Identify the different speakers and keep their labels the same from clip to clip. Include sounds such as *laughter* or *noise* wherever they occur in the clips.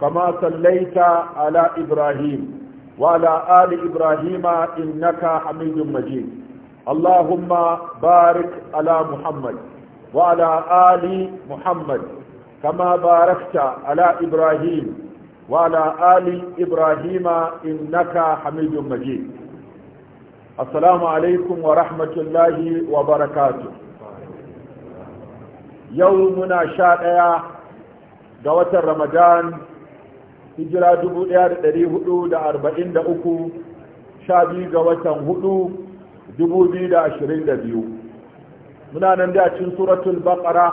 Speaker 1: كما صليت على إبراهيم وعلى آل إبراهيم إنك حميد مجيد اللهم بارك على محمد وعلى آل محمد كما باركت على إبراهيم وعلى آل إبراهيم إنك حميد مجيد السلام عليكم ورحمة الله وبركاته يومنا شائع دوة رمضان hijira 1443 sha biyu ga watan 4 2022 muna nan da cikin suratul baqara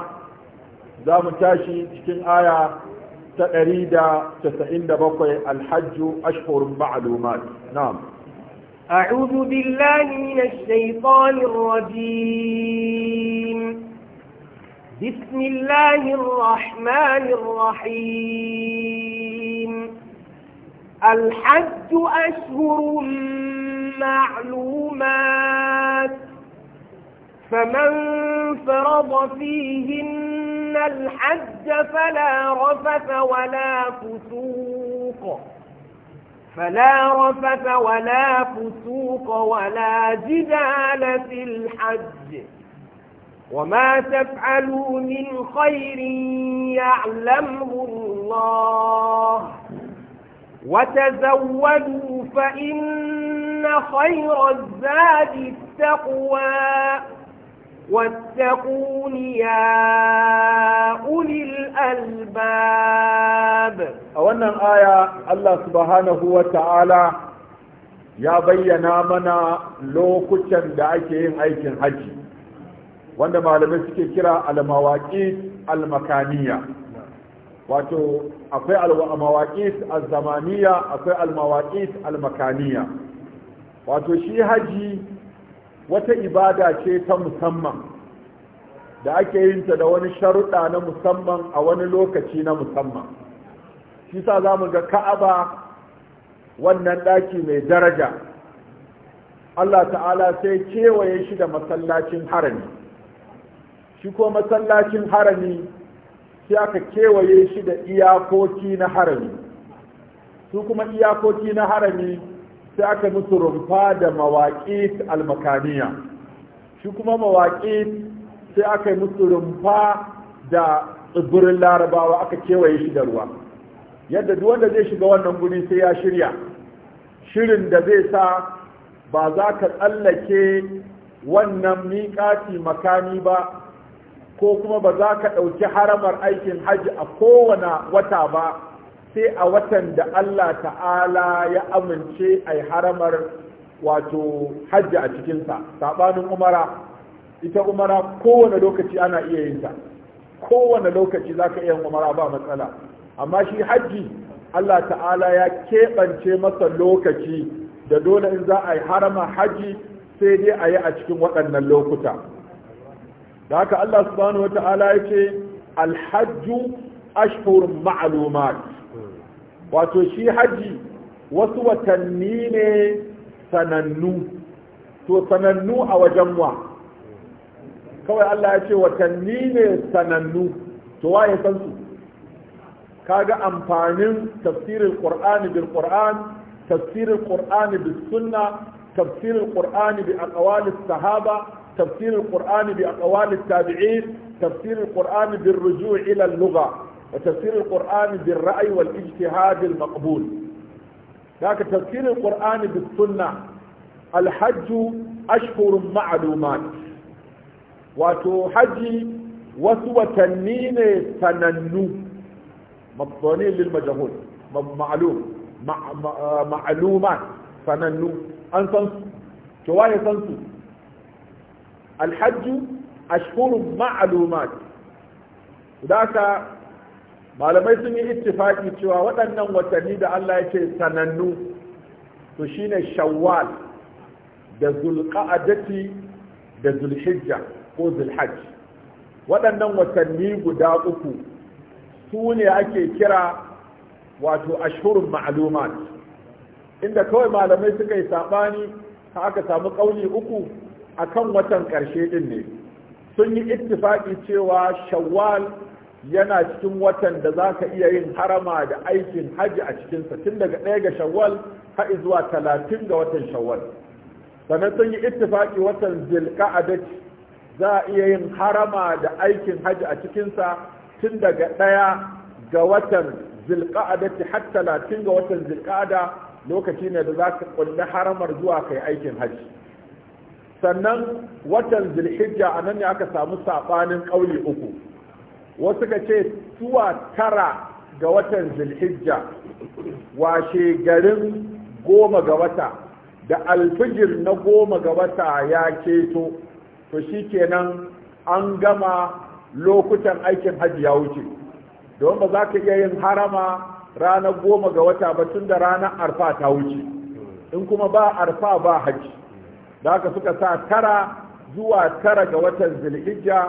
Speaker 1: za mu tashi cikin aya ta 197 alhajju ashhurun ma'lumat na'am أعوذ
Speaker 2: بالله من الشيطان الرجيم بسم الله الرحمن الرحيم
Speaker 1: الحج أشهر معلومات فمن فرض فيهن الحج فلا رفث ولا فسوق فلا رفث ولا فسوق ولا جدال في الحج وما تفعلوا من خير يعلمه الله وتزودوا فإن خير الزاد التقوى واتقون يا أولي الألباب أولا آية الله سبحانه وتعالى ya bayyana mana lokutan da ake yin aikin hajji wanda malamai suke kira almawaki almakaniya wato akwai almawaqis az-zamaniya akwai almawaqis al-makaniya wato shi haji wata ibada ce ta musamman da ake yin ta da wani sharuɗa na musamman a wani lokaci na musamman shi sa za mu ga ka'aba wannan ɗaki mai daraja Allah ta'ala sai kewaye shi da masallacin harami shi ko masallacin harami sai aka kewaye shi da iyakoki na harami su kuma iyakoki na harami sai aka musu rumfa da mawaƙi almakaniya shi kuma mawaƙi sai aka musu rumfa da tsibirin larabawa aka kewaye shi da ruwa yadda duk wanda zai shiga wannan guri sai ya shirya shirin da zai sa ba za ka tsallake wannan miƙati makani ba ko kuma ba za ka ɗauki haramar aikin hajji a kowane wata ba sai a watan da Allah ta'ala ya amince a haramar wato hajji a cikinsa saɓanin umara ita umara kowane lokaci ana iya yin ta kowane lokaci za ka iya umara ba matsala amma shi hajji Allah ta'ala ya keɓance masa lokaci da dole in za a yi harama hajji sai dai a yi a cikin waɗannan lokuta da haka Allah subhanahu wata'ala yake alhajju ashhur ma'lumat wato shi haji wasu watanni ne sanannu to sanannu a wajen wa kawai Allah ya ce watanni ne sanannu to waye san su kaga amfanin tafsirin qur'ani bil qur'an tafsirin qur'ani bis sunna tafsirin qur'ani bi aqwalis sahaba تفسير القرآن بأقوال التابعين تفسير القرآن بالرجوع إلى اللغة وتفسير القرآن بالرأي والاجتهاد المقبول لكن تفسير القرآن بالسنة الحج أشهر معلومات wato حجي wasu watanni سننو sanannu للمجهول lil آه، معلومات سننو ma'lumat sanannu an alhajju ashhurun ma'lumat daka malamai sun yi ittifaki cewa waɗannan watanni da Allah ya ce sanannu to shine shawwal da zulqa'adati da zulhijja ko zulhajj waɗannan watanni guda uku su ne ake kira wato ashhurun ma'lumat inda kawai malamai suka yi sabani aka samu kauli uku akan watan ƙarshe din ne sun yi ittifaki cewa shawwal yana cikin watan da za ka iya yin harama da aikin hajji a cikinsa tun daga ɗaya ga shawwal har zuwa talatin ga watan shawwal sannan sun yi ittifaki watan zilka'adat za a iya yin harama da aikin hajji a cikinsa tun daga ɗaya ga watan zilka'adat har talatin ga watan zilka'ada lokaci ne da za ka kulli haramar zuwa kai aikin hajji sannan watan zulhijja a nan ne aka samu saɓanin ƙauye uku wasu ka ce zuwa tara ga watan zulhijja washe garin goma ga wata da alfijir na goma ga wata ya keto to shi kenan an gama lokutan aikin hajji ya wuce don ba za ka iya yin harama ranar goma ga wata ba tun da ranar arfa ta wuce in kuma ba arfa ba hajji da haka suka sa tara zuwa tara ga watan zulhijja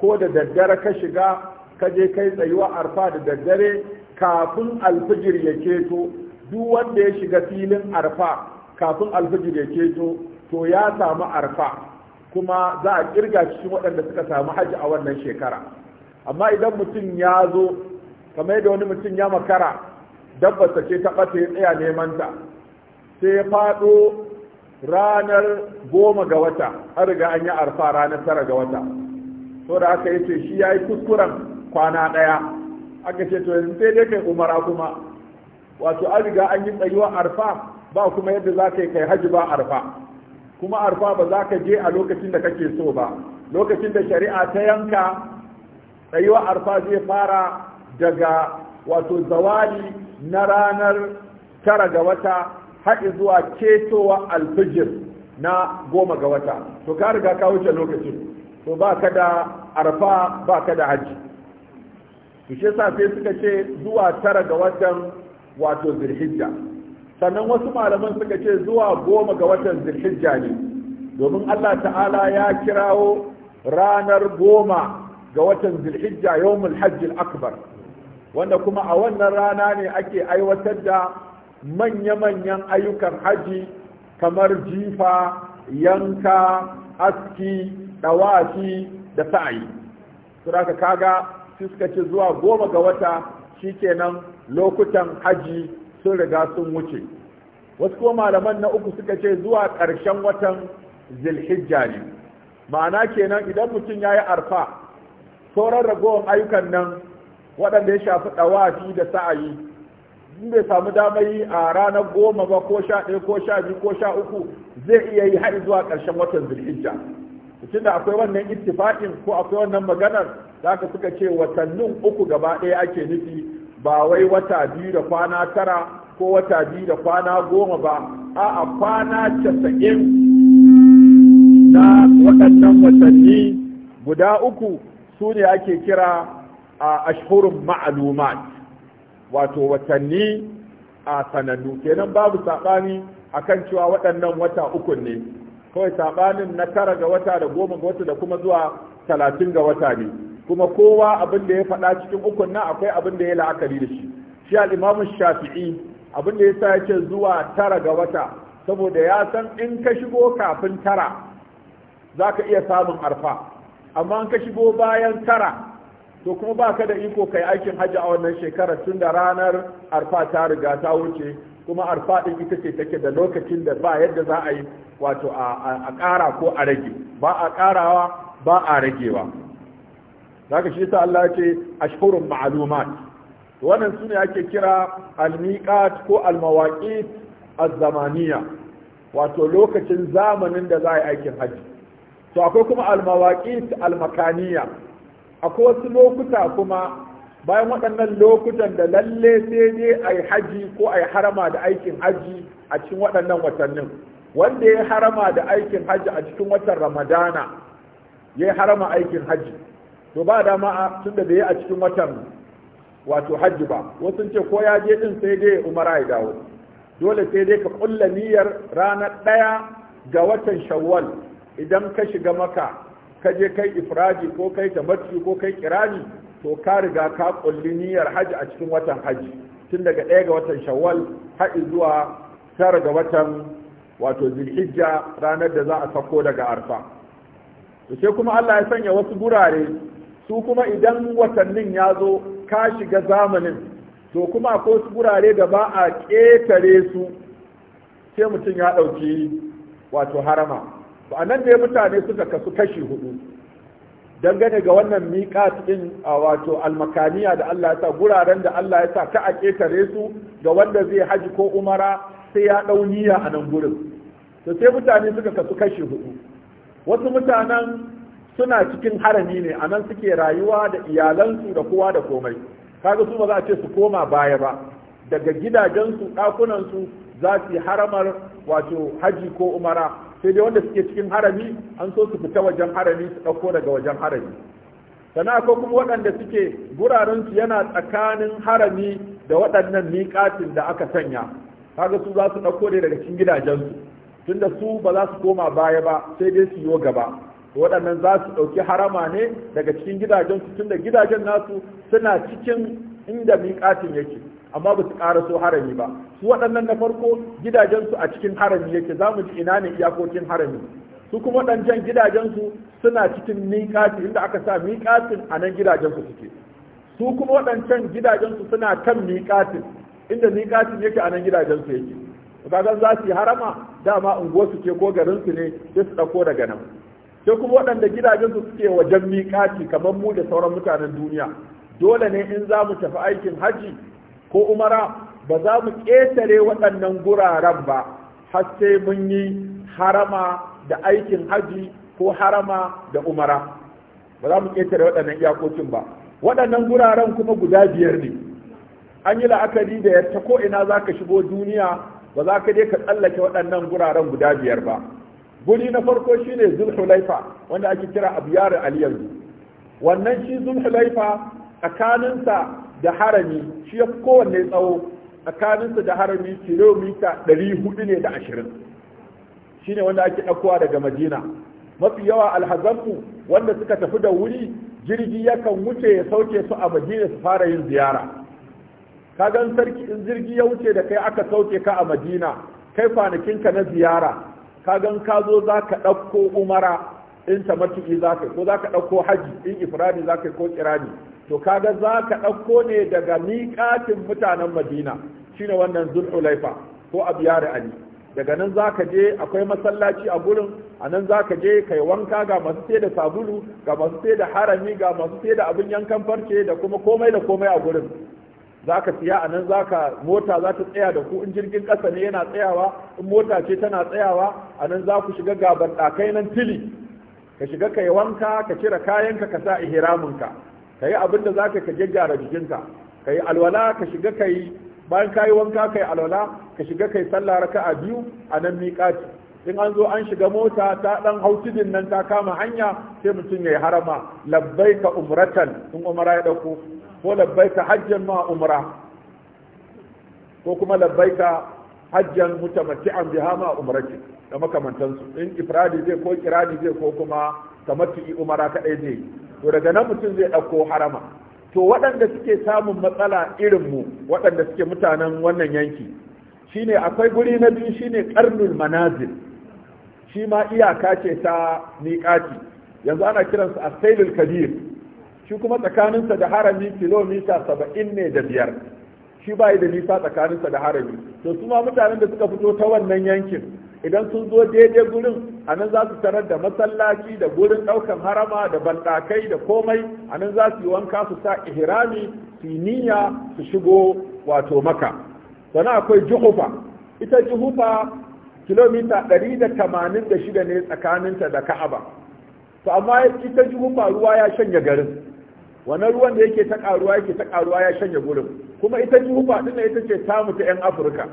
Speaker 1: ko da daddare ka shiga ka je kai tsayuwa arfa da daddare kafin alfijir ya keto duk wanda ya shiga filin arfa kafin alfijir ya keto to ya samu arfa kuma za a kirga cikin waɗanda suka samu hajji a wannan shekara amma idan mutum ya zo kamar da wani mutum ya makara dabba ce ta ɓata ya tsaya neman ta sai ya faɗo ranar goma ga wata an riga an yi arfa ranar tara ga wata to da aka yi ce shi ya yi kuskuren kwana ɗaya aka ce to yanzu sai dai kai umara kuma wato an riga an yi tsayuwar arfa ba kuma yadda za ka yi kai haji ba arfa kuma arfa ba za ka je a lokacin da kake so ba lokacin da shari'a ta yanka tsayuwar arfa zai fara daga wato zawali na ranar tara ga wata haɗi zuwa ketowa alfijir na goma ga wata to ka riga ka wuce lokacin to ba ka da arfa ba ka da hajji to shi yasa sai suka ce zuwa tara ga watan wato zilhijja sannan wasu malaman suka ce zuwa goma ga watan zilhijja ne domin Allah ta'ala ya kirawo ranar goma ga watan zilhijja yawmul hajji akbar wanda kuma a wannan rana ne ake aiwatar da manya-manyan ayyukan haji kamar jifa yanka aski ɗawafi da sa'ayi suraka kaga suka ce zuwa goma ga wata shi shikenan lokutan haji sun riga sun wuce wasu kuma malaman na uku suka ce zuwa ƙarshen watan zilhijja ne ma'ana kenan idan mutum ya yi arfa sauran ragowar ayyukan nan waɗanda ya shafi ɗawafi da sa'ayi in bai samu damar yi a ranar goma ba ko sha ɗaya ko sha biyu ko sha uku zai iya yi har zuwa ƙarshen watan zulhijja tunda akwai wannan ittifaqin ko akwai wannan maganar da aka suka ce watannin uku gaba ɗaya ake nufi ba wai wata biyu da kwana tara ko wata biyu da kwana goma ba a'a kwana casa'in na waɗannan watanni guda uku su ne ake kira a ashhurun ma'alumat wato watanni a sanannu kenan babu saɓani akan cewa waɗannan wata uku ne kawai saɓanin na tara ga wata da goma ga wata da kuma zuwa talatin ga wata ne kuma kowa abin da ya faɗa cikin ukun nan akwai abin da ya la'akari da shi shi al'imamu shafi'i abin da ya sa ya zuwa tara ga wata saboda ya san in ka shigo kafin tara za ka iya samun arfa amma in ka shigo bayan tara to kuma ba ka da iko kai aikin hajji a wannan shekarar tun da ranar arfa ta riga ta wuce kuma arfa ɗin ita ce take da lokacin da ba yadda za a yi wato a ƙara ko a rage ba a ƙarawa ba a ragewa zaka shi ta Allah ce ashhurun ma'lumat wannan sune ake kira al ko al-mawaqit az wato lokacin zamanin da za a yi aikin hajji to akwai kuma al-mawaqit akwai wasu lokuta kuma bayan waɗannan lokutan da lalle sai dai a yi haji ko a yi harama da aikin haji a cikin waɗannan watannin wanda ya harama da aikin haji a cikin watan ramadana ya harama aikin haji to ba dama a tun da bai a cikin watan wato haji ba wasu ce ko ya je din sai dai umara ya dawo dole sai dai ka kulla niyyar ranar ɗaya ga watan shawwal idan ka shiga maka ka je kai ifradi ko kai tamattu ko kai kirani to ka riga ka kulli niyyar haji a cikin watan haji tun daga ɗaya ga watan shawwal har zuwa tara ga watan wato zulhijja ranar da za a sako daga arfa to sai kuma Allah ya sanya wasu gurare su kuma idan watannin ya zo ka shiga zamanin to kuma akwai wasu gurare da ba a ƙetare su sai mutum ya ɗauki wato harama to nan ne mutane suka kasu kashi hudu dangane ga wannan miƙat ɗin a wato almakaniya da Allah ya sa guraren da Allah ya sa ka a ƙetare su ga wanda zai haji ko umara sai ya ɗau niyya a nan gurin to sai mutane suka kasu kashi hudu wasu mutanen suna cikin harami ne a nan suke rayuwa da iyalansu da kowa da komai kaga su ba za a ce su koma baya ba daga gidajensu ɗakunansu za su haramar wato haji ko umara sai dai wanda suke cikin harami an so su fita wajen harami su ɗauko daga wajen harami sana ko kuma waɗanda suke gurarensu yana tsakanin harami da waɗannan miƙatin da aka sanya kaga su za su ɗauko ne daga cikin gidajensu tunda su ba za su koma baya ba sai dai su yi gaba waɗannan za su ɗauki harama ne daga cikin gidajensu tunda gidajen nasu suna cikin inda miƙatin yake amma ba su ƙara so harami ba su waɗannan na farko gidajensu a cikin harami yake za mu ji ina ne iyakokin harami su kuma waɗancan gidajensu suna cikin miƙati inda aka sa miƙatin a nan gidajensu suke su kuma waɗancan gidajensu suna kan miƙatin inda miƙatin yake a nan gidajensu yake zan za su yi harama dama su ke ko garinsu ne sai su ɗauko daga nan sai kuma waɗanda gidajensu suke wajen miƙati kamar mu da sauran mutanen duniya dole ne in za mu tafi aikin haji ko umara ba za mu ƙetare waɗannan guraren ba har sai mun yi harama da aikin haji ko harama da umara ba za mu ƙetare waɗannan iyakokin ba waɗannan guraren kuma guda biyar ne an yi la'akari da yadda ko ina za ka shigo duniya ba za ka je ka tsallake waɗannan guraren guda biyar ba guri na farko shine zulhulaifa wanda ake kira abiyar ali yanzu wannan shi zulhulaifa tsakaninsa da harami shi ya kowanne tsawo tsakaninsa da harami kilomita 400 ne da 20 shine wanda ake ɗaukowa daga madina mafi yawa alhazanku wanda suka tafi da wuri jirgi yakan wuce ya sauke su a madina su fara yin ziyara ka gan sarki in jirgi ya wuce da kai aka sauke ka a madina kai kwanakinka na ziyara ka gan ka zo za ka ɗauko umara in tamatu'i za ka ko za ka ɗauko haji in ifradi za ka ko kirani to kaga za ka ɗauko ne daga miƙatin mutanen madina shine wannan zulhulaifa ko abiyar ali daga nan za ka je akwai masallaci a gurin a nan za ka je kai wanka ga masu sai da sabulu ga masu sai da harami ga masu sai da abin yankan farce da kuma komai da komai a gurin za ka siya a nan za ka mota za ta tsaya da ku in jirgin ƙasa ne yana tsayawa in mota ce tana tsayawa a nan za ku shiga gaban ɗakai nan tili ka shiga kai wanka ka cire kayanka ka sa ihiraminka ka yi abin da za ka gyaggyara jikinka ka yi alwala ka shiga ka yi bayan ka yi wanka ka yi alwala ka shiga ka yi sallah raka a biyu a nan miƙati in an zo an shiga mota ta ɗan hau tudin nan ta kama hanya sai mutum ya yi harama labbai ka umratan in umara ya dauko ko labbai ka hajjan ma umra ko kuma labbai ka hajjan mutamatti'an biha ma umrati da makamantansu in ifradi zai ko kirani zai ko kuma tamattu'i umara kaɗai zai to daga nan mutum zai ɗauko harama to waɗanda suke samun matsala irin mu waɗanda suke mutanen wannan yanki shine akwai guri na biyu shine karnul manazil shi ma iyaka ce ta miƙati yanzu ana kiransu a sailul kabir shi kuma tsakaninsa da harami kilomita saba'in ne da biyar shi ba da nisa tsakaninsa da harami to su ma mutanen da suka fito ta wannan yankin idan sun zo daidai gurin a nan za su tarar da masallaci da gurin ɗaukan harama da bandakai da komai a nan za su yi wanka su sa ihrami su niyya su shigo wato maka sana akwai juhufa ita juhufa kilomita 186 ne tsakaninta da ka'aba to amma ita juhufa ruwa ya shanya garin wannan ruwan da yake ta karuwa yake ta karuwa ya shanya gurin kuma ita juhufa din ita ce tamu ta yan afirka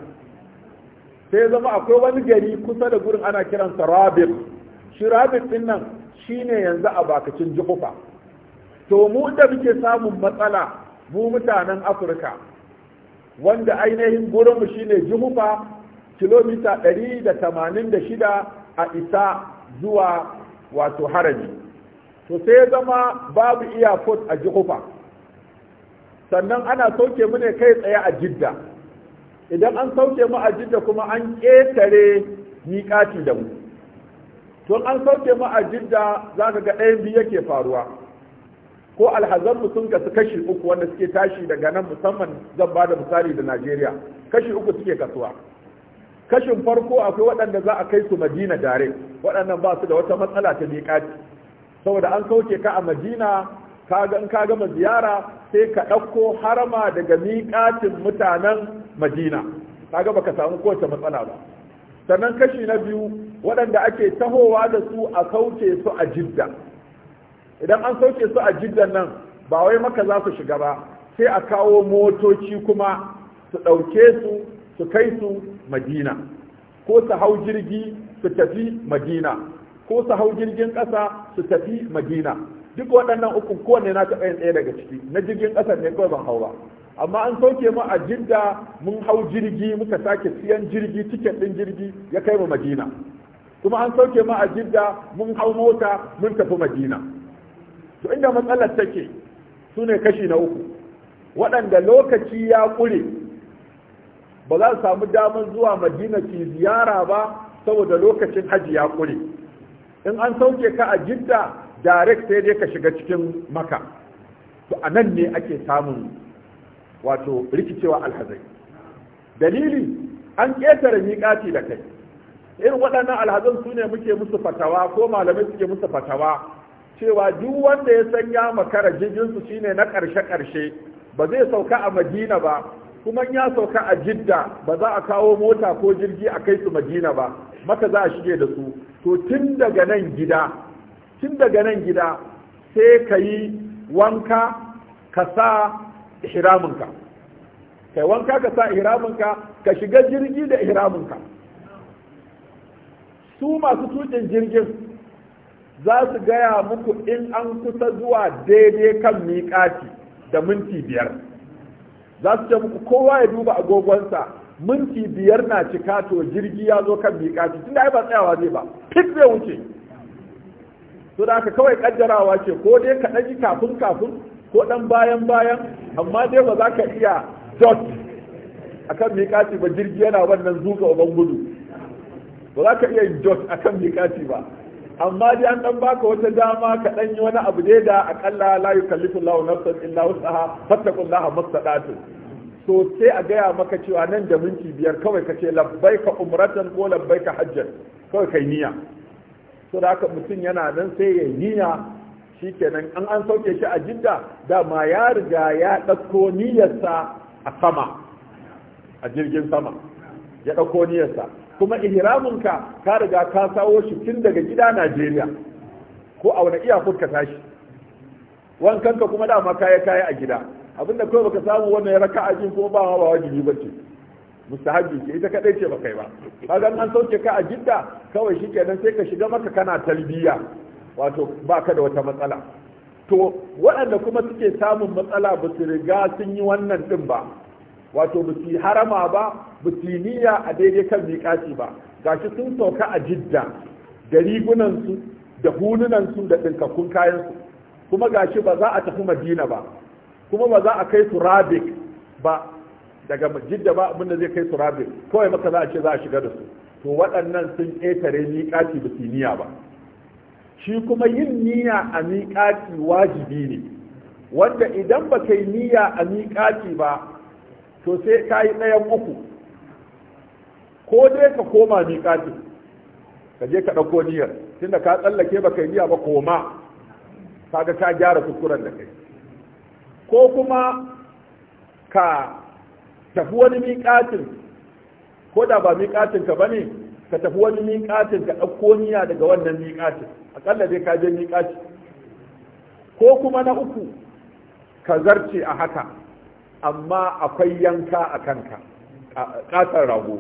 Speaker 1: sai zama akwai wani gari kusa da gurin ana kiransa rabin shi rabin din nan shine yanzu a bakacin jihufa to mu da muke samun matsala mu mutanen afirka wanda ainihin gurinmu shine jihufa kilomita 186 a isa zuwa wato haraji to sai zama babu iya a jihufa sannan ana sauke mu ne kai tsaye a jidda idan an sauke mu a jidda kuma an ƙetare miƙati da mu to an sauke mu a jidda za ka ga ɗayan biyu yake faruwa ko alhazan mu sun kasu kashi uku wanda suke tashi daga nan musamman zan ba da misali da najeriya kashi uku suke kasuwa kashin farko akwai waɗanda za a kai su madina dare waɗannan ba su da wata matsala ta miƙati saboda an sauke ka a madina ka ga ka gama ziyara sai ka ɗauko harma daga miƙatin mutanen madina kaga baka samu kowace matsala ba sannan kashi na biyu waɗanda ake tahowa da su a sauke su a jidda idan an sauke su a jiddan nan ba wai maka za su shiga ba sai a kawo motoci kuma su ɗauke su su kai su madina ko su hau jirgi su tafi madina ko su hau jirgin ƙasa su tafi madina duk waɗannan uku kowanne na taɓa yin ɗaya daga ciki na jirgin ƙasar ne kawai ban hau ba amma an sauke mu a jidda mun hau jirgi muka sake siyan jirgi tiket ɗin jirgi ya kai mu madina kuma an sauke mu a jidda mun hau mota mun tafi madina to inda matsalar take su ne kashi na uku waɗanda lokaci ya ƙure ba za su samu damar zuwa madina su ziyara ba saboda lokacin hajji ya ƙure in an sauke ka a jidda direct sai dai ka shiga cikin maka to a nan ne ake samun wato rikicewa alhazai dalili an ƙetare miƙati da kai irin waɗannan alhazan su ne muke musu fatawa ko malamai suke musu fatawa cewa duk wanda ya san ya makara su shine na ƙarshe karshe ba zai sauka a madina ba kuma ya sauka a jidda ba za a kawo mota ko jirgi a kai su madina ba maka za a shige da su to tun daga nan gida tun daga nan gida sai ka yi wanka ka sa ihraminka kai wanka ka sa ihraminka ka shiga jirgi da ihraminka su masu tukin jirgin za su gaya muku in an kusa zuwa daidai kan miƙati da minti biyar za su ce muku kowa ya duba agogonsa minti biyar na cika to jirgi ya zo kan miƙati tun da ba tsayawa zai ba fit zai wuce to da aka kawai kaddarawa ce ko dai ka ɗaji kafin kafin ko ɗan bayan bayan amma dai ba za ka iya dot kan miƙaci ba jirgi yana wannan zuka uban gudu ba za ka iya yin dot kan miƙaci ba amma dai an ɗan baka wata dama ka ɗan yi wani abu dai da akalla la yukallifu Allahu nafsan illa wus'aha fattaqullaha mastata'tu so sai a gaya maka cewa nan da minti biyar kawai ka ce ka umratan ko labbaika hajjan kawai kai niyya so da haka mutum yana nan sai ya niyya shi kenan an an sauke shi a jidda dama ya riga ya ɗauko niyyarsa a sama a jirgin sama ya ɗauko niyyarsa kuma ihraminka ka riga ka sawo shi tun daga gida Najeriya ko a wani iyakar ka tashi wankanka kuma dama kaya kaya a gida abinda kawai baka samu wannan ya raka ajin kuma ba ba wajibi bace mustahabi ce ita kadai ce baka yi ba kaga an sauke ka a jidda kawai shikenan sai ka shiga maka kana talbiya wato baka da wata matsala to waɗanda kuma suke samun matsala ba su riga sun yi wannan din ba wato ba su harama ba ba su niyya a daidai kan miƙaci ba gashi sun sauka a jidda da rigunansu da hununansu da ɗinkakkun kayansu kuma gashi ba za a tafi madina ba kuma ba za a kai su rabik ba daga da ba abin da zai kai su kawai maka za a ce za a shiga da su to waɗannan sun ƙetare miƙaƙi ba su niyya ba shi kuma yin niyya a miƙaƙi wajibi ne wanda idan ba kai niyya a miƙaƙi ba to sai ka yi ɗayan uku ko dai ka koma miƙaƙi ka je ka ɗauko niyyar tunda ka tsallake ba kai niyya ba koma kaga ka gyara kuskuren da kai ko kuma ka tafi wani miƙatin ko da ba miƙatin ka bane ka tafi wani miƙatin ka ɗauko niyya daga wannan miƙatin akalla dai ka je miƙati ko kuma na uku ka zarce a haka amma akwai yanka a kanka ƙatar rago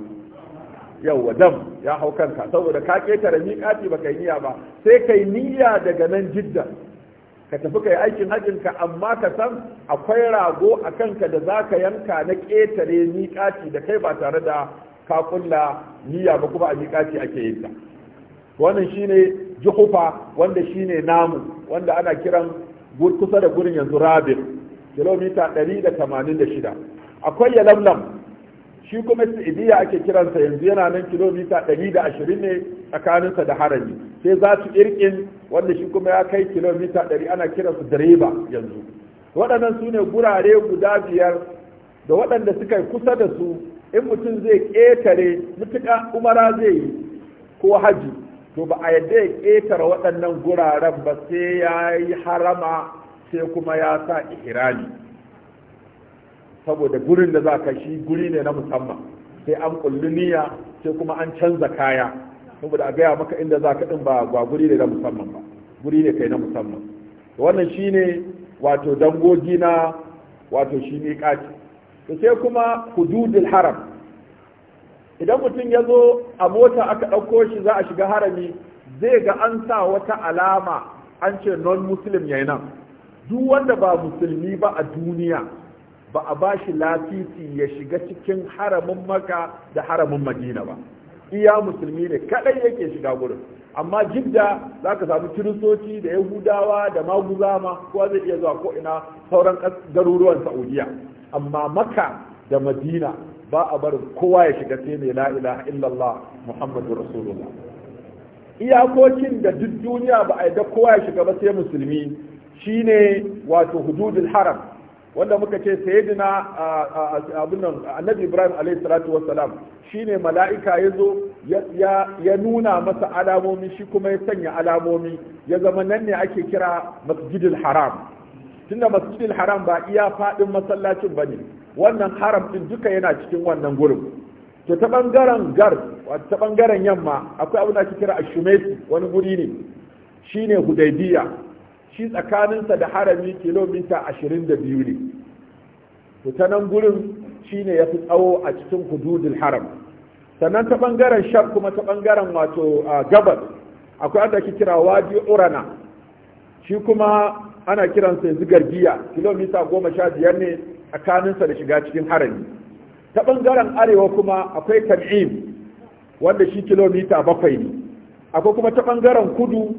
Speaker 1: yauwa dam ya hau kanka saboda ka ƙetare miƙati ba kai niyya ba sai kai niyya daga nan jidda ka tafi ka yi aikin hajjin ka amma ka san akwai rago a kanka da za ka yanka na ƙetare miƙaci da kai ba tare da ka kulla niyya ba kuma a miƙaci ake yin ta wannan shine juhufa wanda shine namu wanda ana kiran kusa da gurin yanzu rabin kilomita 186 akwai yalamlam shi kuma sidiya ake kiransa yanzu yana nan kilomita ashirin ne tsakaninsa da harami sai za su irkin wanda shi kuma ya kai kilomita ɗari, ana kira su direba yanzu waɗannan su ne gurare guda biyar da waɗanda suka yi kusa da su in mutum zai ƙetare mutuƙa umara zai yi ko haji to ba a yadda ya ƙetare waɗannan guraren ba sai ya yi harama sai kuma ya sa ihrami saboda gurin da za ka shi guri ne na musamman sai an kulli niyya sai kuma an canza kaya saboda a gaya maka inda za ka ɗin ba guri ne na musamman ba guri ne kai na musamman wannan shi ne, wato dangogi na wato shi ne ƙaci to sai kuma hududul haram idan mutum ya zo a mota aka ɗauko shi za a shiga harami zai ga an sa wata alama an ce non-muslim yi nan duk wanda ba musulmi ba a duniya ba a ba shi lafifi ya shiga cikin haramin maka da haramin madina ba iya musulmi ne kadai yake shiga gurin amma jidda za ka samu kiristoci da yahudawa da maguzama kowa zai iya zuwa ko ina sauran garuruwan saudiya amma maka da madina ba a barin kowa ya shiga sai mai la illallah muhammadu rasulullah iyakokin da duk duniya ba a yadda kowa ya shiga ba sai musulmi shine wato hududul haram wanda muka ce sayyidina abunan annabi ibrahim alayhi salatu wassalam shine mala'ika ya zo ya nuna masa alamomi shi kuma ya sanya alamomi ya zama nan ne ake kira masjidil haram tunda masjidil haram ba iya faɗin masallacin ba ne wannan haram ɗin duka yana cikin wannan gurin to ta ɓangaren gar ta ɓangaren yamma akwai abin da ake kira ashumesi wani guri ne shine hudaybiya shi tsakaninsa da harami kilomita ashirin da biyu ne to ta nan gurin shine ya fi tsawo a cikin hududul haram sannan ta ɓangaren shar kuma ta ɓangaren wato gabas akwai wanda ake kira wadi urana shi kuma ana kiran kiransa yanzu gargiya kilomita goma sha biyar ne tsakaninsa da shiga cikin harami ta ɓangaren arewa kuma akwai kan'im wanda shi kilomita bakwai ne akwai kuma ta ɓangaren kudu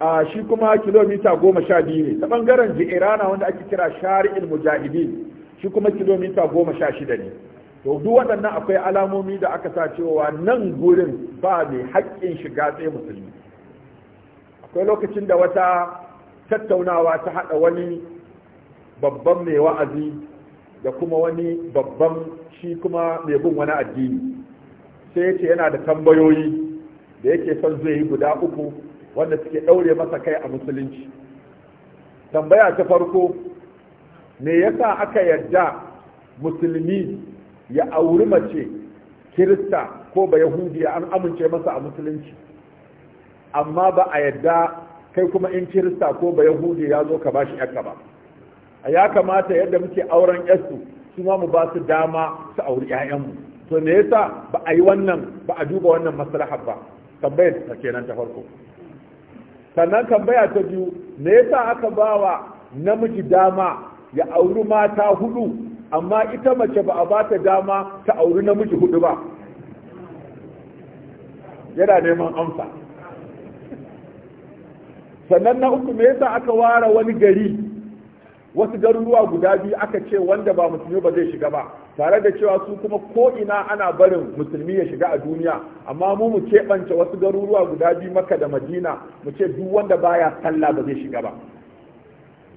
Speaker 1: a shi kuma kilomita goma sha biyu ne ta ɓangaren bangaren na wanda ake kira shari'il mujahidi shi kuma kilomita goma sha shida ne to duk waɗannan akwai alamomi da aka sa cewa nan gurin ba mai haƙƙin shiga tsaye musulmi akwai lokacin da wata tattaunawa ta haɗa wani babban mai wa'azi da kuma wani babban shi kuma mai bin wani addini sai yace yana da tambayoyi da yake son zai yi guda uku wanda suke daure masa kai a musulunci tambaya ta farko me yasa aka yadda musulmi ya auri mace kirista ko ba yahudiya an amince masa a musulunci amma ba a yadda kai kuma in kirista ko ba yahudi ya zo ka bashi yakka ba a ya kamata yadda muke auren yasu su ma mu ba su dama su auri 'ya'yanmu to me yasa ba a yi wannan ba a duba wannan maslaha ba tambayar ta kenan ta farko sannan tambaya ta biyu me yasa aka bawa namiji dama ya auri mata hudu amma ita mace ba a ba ta dama ta auri namiji hudu ba yana neman amsa sannan na uku me yasa aka ware wani gari wasu garuruwa guda biyu aka ce wanda ba musulmi ba zai shiga ba tare da cewa su kuma ko ina ana barin musulmi ya shiga a duniya amma mu mu keɓance wasu garuruwa guda biyu maka da madina mu ce duk wanda baya sallah ba zai shiga ba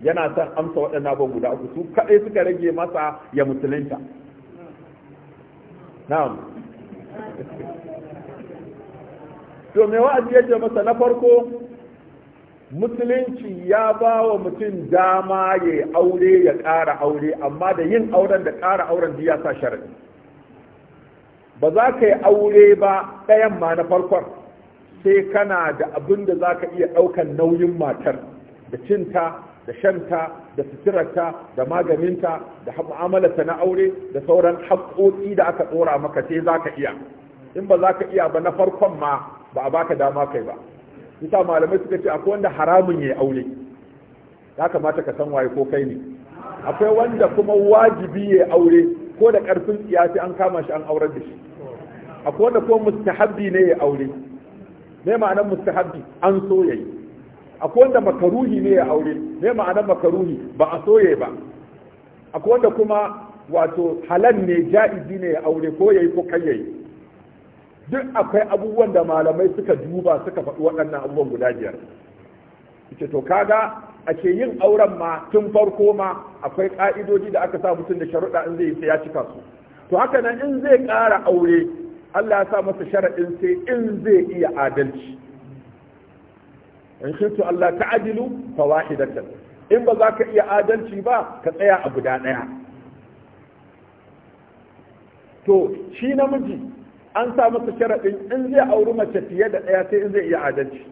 Speaker 1: yana son amsa waɗannan abubuwa guda uku su kaɗai suka rage masa ya musulunta na'am
Speaker 2: *laughs*
Speaker 1: to me wa'azi ce masa na farko musulunci ya ba wa mutum dama ya aure ya ƙara aure amma da yin auren da ƙara auren ya sa sharadi ba za ka yi aure ba ɗayan ma na farkon sai kana da abin da za ka iya ɗaukan nauyin matar da cinta da shanta da suturarta da maganinta da mu'amalarta na aure da sauran haƙoƙi da aka tsora maka sai za ka iya in ba za ka iya ba na farkon ma ba a baka dama kai ba yasa malamai suka ce akwai wanda haramun ya aure ya kamata ka san waye ko kai ne akwai wanda kuma wajibi ya aure ko da karfin siyasi an kama shi an aurar da shi akwai wanda kuma mustahabbi ne ya aure me ma'anar mustahabbi an so yayi akwai wanda makaruhi ne ya aure me ma'anar makaruhi ba a so yayi ba akwai wanda kuma wato halal ne ja'izi ne ya aure ko yayi ko kai yayi duk akwai abubuwan da malamai suka duba suka faɗi waɗannan abubuwan guda biyar ita to kaga ake yin auren ma tun farko ma akwai ƙa'idoji da aka sa mutum da sharuɗa in zai yi sai ya cika su to haka nan in zai ƙara aure Allah ya sa masa sharaɗin sai in zai iya adalci in khiftu Allah adilu fa wahidatan in ba za ka iya adalci ba ka tsaya a guda ɗaya to shi namiji an sa masa sharaɗin in zai auri mace fiye da ɗaya sai in zai iya adalci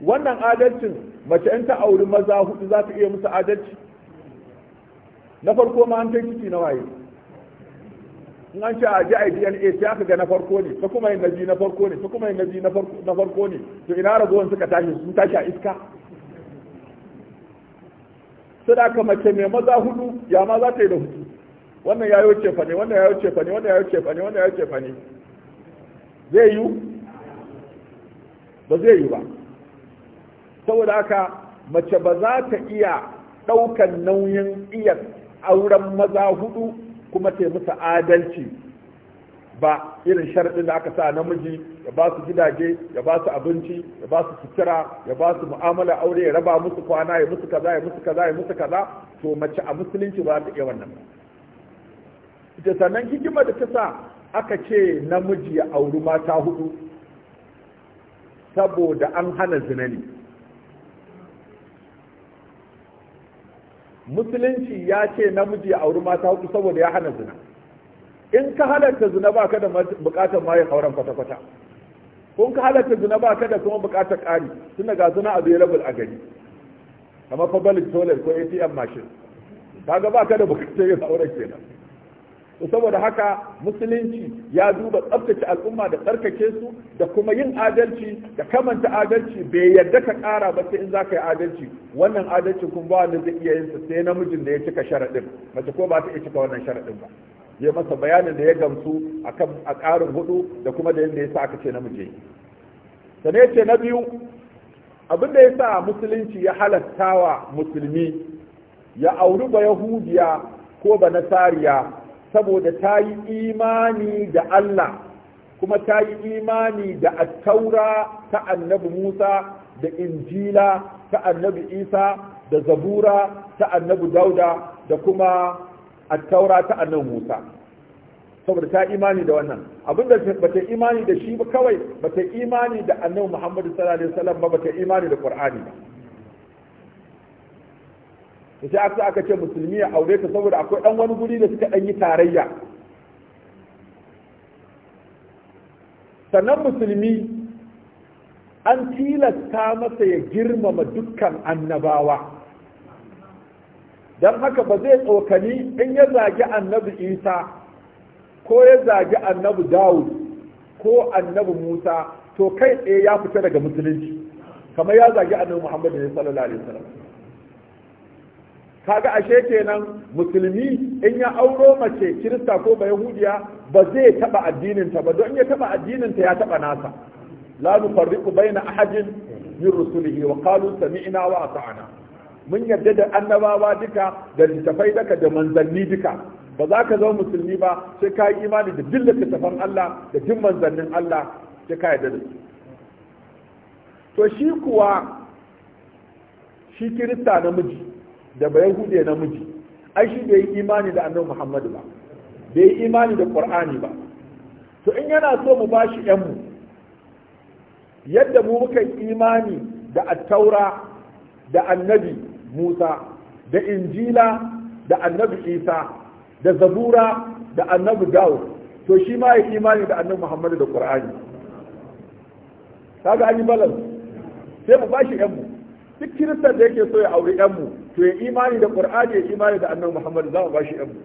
Speaker 1: wannan adalcin mace in ta auri maza hudu za ta iya musu adalci na farko ma an kai ciki na waye in an ce a ji a dna sai aka ga na farko ne ta kuma yin na biyu na farko ne ta kuma yin na biyu na farko ne to ina ragowar suka tashi sun tashi a iska Sai da aka mace mai maza hudu ya ma za ta yi da hudu wannan ya yi wuce fane wannan ya yi wuce fane wannan ya yi wuce fane wannan ya yi wuce ne zai yi ba zai yi ba saboda haka mace ba za ta iya ɗaukan nauyin iya auren maza hudu kuma ta musu adalci ba irin sharaɗin da aka sa namiji ya ba su gidaje ya ba su abinci ya ba su sutura ya ba su mu'amala aure ya raba musu kwana ya musu kaza ya musu kaza ya musu kaza to mace a musulunci ba za ta iya wannan ba da sannan hikima da ta sa aka ce namiji ya auri mata hudu saboda an hana zina ne musulunci ya ce namiji ya auri mata hudu saboda ya hana zina in ka halarta zina ba ka da bukatar ma auren kwata-kwata kun ka halarta zina ba ka da kuma bukatar ƙari tun ga zina available a gari kamar public toilet ko atm machine kaga ba ka da bukatar yin auren kenan saboda haka musulunci ya duba tsabtace al'umma da tsarkake su da kuma yin adalci da kamanta adalci bai yadda ka kara ba sai in za ka yi adalci wannan adalci kun ba wanda zai iya yin sa sai namijin da ya cika sharaɗin mace ko ba ta iya cika wannan sharaɗin ba ya masa bayanin da ya gamsu akan a ƙarin hudu da kuma da yadda ya sa aka ce namiji sane ce na biyu abin da ya sa musulunci ya halatta wa musulmi ya auri ba yahudiya ko ba nasariya saboda ta yi imani da Allah kuma ta yi imani da attaura ta annabi Musa da injila ta annabi Isa da zabura ta annabi Dauda da kuma attaura ta annabi Musa saboda ta imani da wannan abinda ba ta imani da shi ba kawai ba ta imani da annabi Muhammadu sallallahu alaihi wasallam ba ba ta imani da Qur'ani ba sai aka aka ce musulmi ya aure ta saboda akwai dan wani guri da suka dan yi tarayya sannan musulmi an tilasta masa ya girmama dukkan annabawa don haka ba zai tsokani in ya zagi annabi isa ko ya zagi annabi dawud ko annabi musa to kai tsaye ya fita daga musulunci kamar ya zagi annabi muhammadu ne sallallahu alaihi wasallam kaga ashe kenan musulmi in ya auro mace kirista ko ba yahudiya ba zai taba addininta ba don ya taba addininta ya taba nasa la nufarriqu baina ahadin min rusulihi wa qalu sami'na wa ata'na mun yarda da annabawa duka da littattafai duka da manzanni duka ba za ka zama musulmi ba sai ka yi imani da duk littafan Allah da duk manzannin Allah sai ka da su to shi kuwa shi kirista namiji da bai hude namiji ai shi bai yi imani da annabi muhammadu ba bai yi imani da qur'ani ba to in yana so mu bashi yan mu yadda mu muka imani da attaura da annabi musa da injila da annabi isa da zabura da annabi dawud to shi ma ya imani da annabi muhammadu da qur'ani kaga an yi balance sai mu bashi yan mu duk kiristan da yake so ya auri yanmu to ya imani da qur'ani ya imani da annabi muhammad za mu ba shi yanmu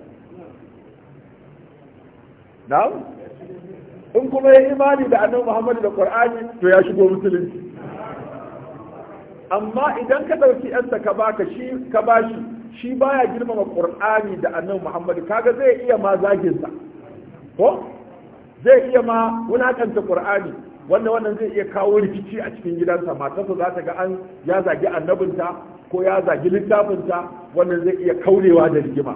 Speaker 1: na'am in kuma ya imani da annabi muhammad da qur'ani to ya shigo musulunci amma idan ka dauki yansa ka baka shi ka bashi shi baya girmama qur'ani da annabi muhammad kaga zai iya ma zagin sa ko zai iya ma wulakanta qur'ani wanda wannan zai iya kawo rikici a cikin gidansa matarsa za ta ga an ya zagi annabinta ko ya zagi littafinta wannan zai iya kaurewa da rigima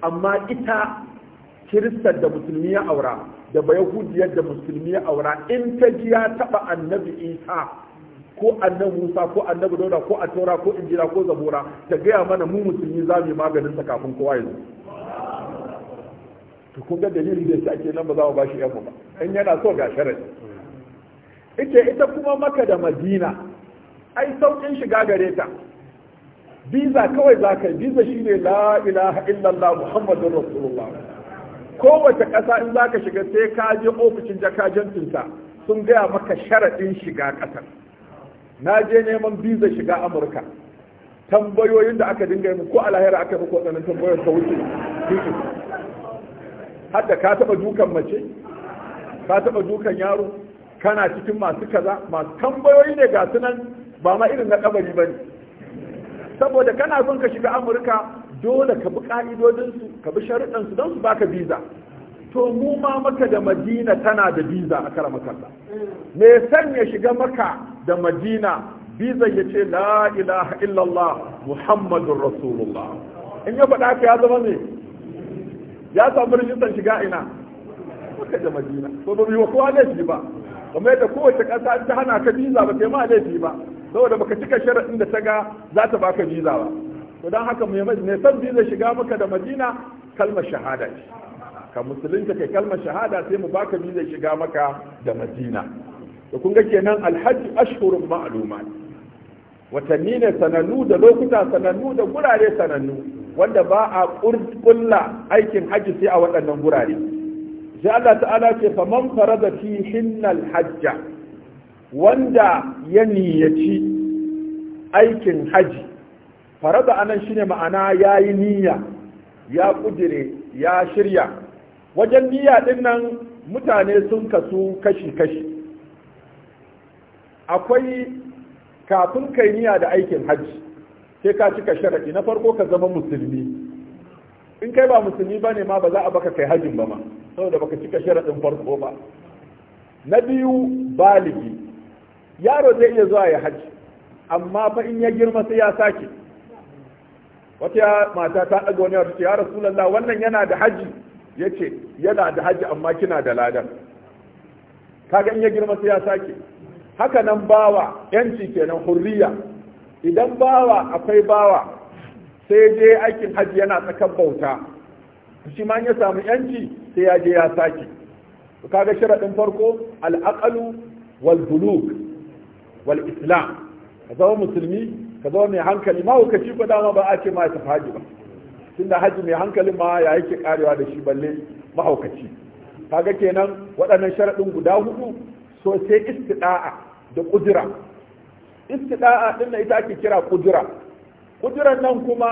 Speaker 1: amma ita kiristar da musulmi ya aura da baya bayahudiyar da musulmi ya aura in ta ji ya taɓa annabi isa ko annabi musa ko annabi dauda ko a taura ko injila ko zabura ta gaya mana mu musulmi za mu yi maganin sa kafin kowa ya zo to kun ga dalilin da shi ake nan ba za mu ba shi ba in yana so ga sharadi ita ita kuma maka da madina ai saukin shiga gare ta biza kawai za ka yi biza shi ne la ilaha illallah muhammadun rasulullah kowace ƙasa in za ka shiga sai ka je ofishin jakajantinta sun gaya maka sharaɗin shiga ƙasar na je neman biza shiga amurka tambayoyin da aka dinga yi ko alahira aka fi kwaɗanin tambayar ta wuce har ka taɓa dukan mace ka taɓa dukan yaro kana cikin masu kaza masu tambayoyi ne ga nan ba ma irin na kabari ba ne saboda kana son ka shiga amurka dole ka bi ka'idodinsu ka bi sharuɗansu don su baka biza to mu ma maka da madina tana da biza a kara makalla me san ya shiga maka da madina biza ya ce la ilaha illallah muhammadun rasulullah in ya faɗa ka ya zama ne ya samu rijistar shiga ina maka da madina ko ba yi wa kowa ne shi ba kamar yadda kowace ƙasa ta hana ka biza ba sai ma laifi ba saboda baka cika sharaɗin da ta ga za ta baka biza ba to don haka mai san biza shiga maka da madina kalmar shahada ce ka musulunta kai kalma shahada sai mu baka biza shiga maka da madina da kun ga kenan alhaji ashhurun ma'lumat watanni ne sanannu da lokuta sanannu da gurare sanannu wanda ba a kulla aikin haji sai a waɗannan gurare sai Allah ta'ala ce fa man farada fi hinnal hajja wanda ya niyyaci aikin haji farada anan shine ma'ana yayi niyya ya kudire ya shirya wajen niyya din nan mutane sun kasu kashi kashi akwai kafin kai niyya da aikin haji sai ka cika sharadi na farko ka zama musulmi in kai ba musulmi bane ma ba za a baka kai hajin ba ma saboda baka cika sharaɗin farko ba na biyu baligi yaro zai iya zuwa ya hajji amma fa in ya girma sai ya sake wata mata ta ɗaga wani wata ce ya rasulallah wannan yana da hajji ya ce yana da hajji amma kina da ladan kaga in ya girma sai ya sake haka nan bawa yanci kenan hurriya idan bawa akwai bawa sai je aikin hajji yana tsakan bauta shi ma ya samu yanci sai ya je ya sake kaga sharaɗin farko al'aqalu wal buluk wal islam ka zama musulmi ka zama mai hankali ma ka dama ba a ce ma ya ba tunda haji mai hankali ma ya yake karewa da shi balle mahaukaci kaga kenan waɗannan sharaɗin guda hudu so sai istida'a da kudura istida'a din ita ake kira kudura kuduran nan kuma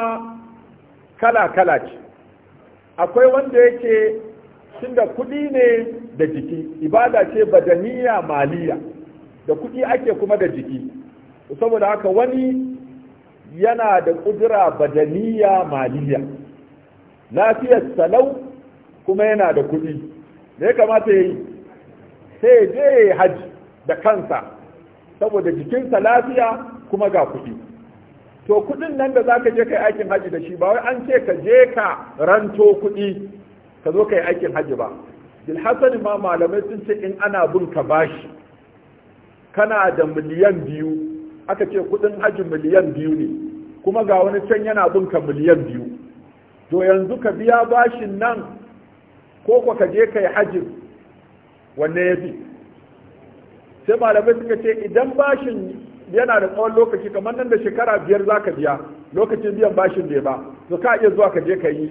Speaker 1: kala kala ce akwai wanda yake tunda kuɗi ne da jiki ibada ce badaniya maliya da kuɗi ake kuma da jiki saboda haka wani yana da kudura badaniya maliya lafiyar salau kuma yana da kuɗi da ya kamata ya yi sai je haji da kansa saboda jikinsa lafiya kuma ga kuɗi to kuɗin nan da zaka je kai aikin haji da shi ba wai an ce ka je ka ranto kuɗi ka zo kai aikin haji ba hasan ma malamai sun ce in ana bin ka bashi kana da miliyan biyu aka ce kuɗin haji miliyan biyu ne kuma ga wani can yana bin ka miliyan biyu to yanzu ka biya bashin nan ko ko ka je kai haji wanne ya fi sai malamai suka ce idan bashin yana da tsawon lokaci kamar nan da shekara biyar za ka biya lokacin biyan bashin ne ba to ka iya zuwa ka je ka yi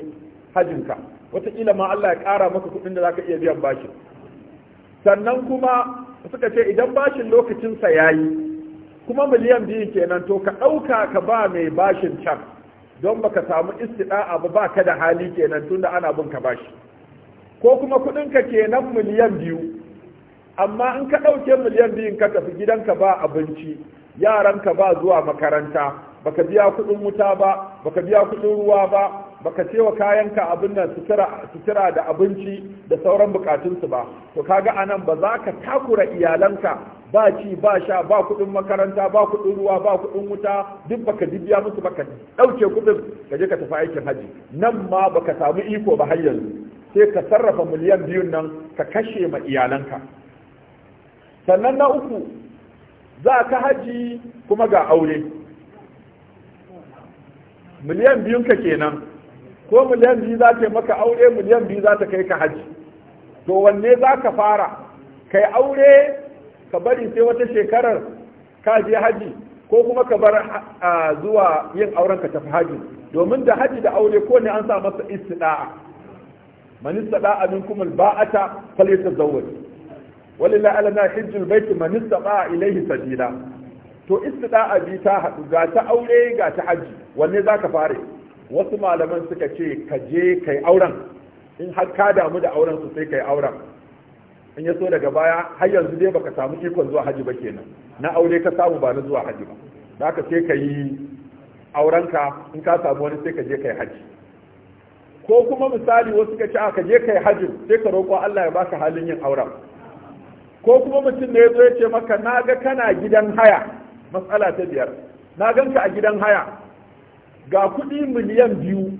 Speaker 1: hajjinka wataƙila ma Allah ya ƙara maka kuɗin da za ka iya biyan bashin sannan kuma suka ce idan bashin lokacinsa ya yi kuma miliyan biyu kenan to ka ɗauka ka ba mai bashin can don baka samu istida ba ba ka da hali kenan tunda ana bin ka bashi ko kuma kuɗinka kenan miliyan biyu amma in ka ɗauke miliyan biyun ka tafi gidanka ba abinci yaranka ba zuwa makaranta baka biya kuɗin wuta ba baka biya kuɗin ruwa ba baka ce wa kayanka abin nan sutura da abinci da sauran bukatunsu ba to kaga anan ba za ka takura iyalanka ba ci ba sha ba kuɗin makaranta ba kuɗin ruwa ba kuɗin wuta duk baka dibiya musu baka dauke kuɗin ka je ka tafi aikin haji nan ma baka samu iko ba har yanzu sai ka sarrafa miliyan biyun nan ka kashe ma iyalanka sannan na uku za ka haji kuma ga aure miliyan biyun ka kenan ko miliyan biyu za ta maka aure miliyan biyu za ta kai ka haji to wanne za ka fara kai aure ka bari sai wata shekarar ka je haji ko kuma ka bar zuwa yin auren ka tafi haji domin da haji da aure ko ne an sa masa istida'a manista da'a ta al-ba'ata falyatazawwaj walilla alana hijjul baiti man istata ilaihi sabila to istida'a bi ta haɗu ga ta aure ga ta haji wanne zaka fare wasu malaman suka ce ka je kai auren in har ka damu da auren su sai kai auren in ya so daga baya har yanzu dai baka samu ikon zuwa haji ba kenan na aure ka samu ba na zuwa haji ba zaka sai ka yi aurenka in ka samu wani sai ka je kai haji ko kuma misali wasu ka ce ka je kai haji sai ka roƙo Allah ya baka halin yin auren ko kuma mutum ne ya zo ya ce maka na ga kana gidan haya matsala ta biyar na ganka a gidan haya ga kuɗi miliyan biyu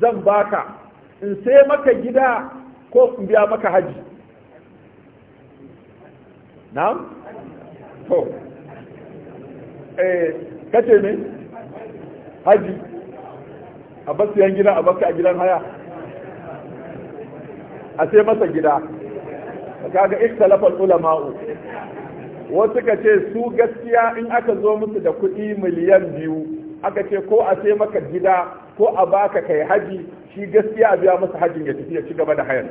Speaker 1: zan baka in sai maka gida ko in biya maka haji na'am to eh kace ne haji a basu yan gida a baka a gidan haya a sai masa gida kaga ikhtalafal ulama'u wasu ka ce su gaskiya in aka zo musu da kuɗi miliyan biyu aka ce ko a sai maka gida ko a baka kai haji shi gaskiya a biya masa hajin ya tafi ya ci gaba da hayar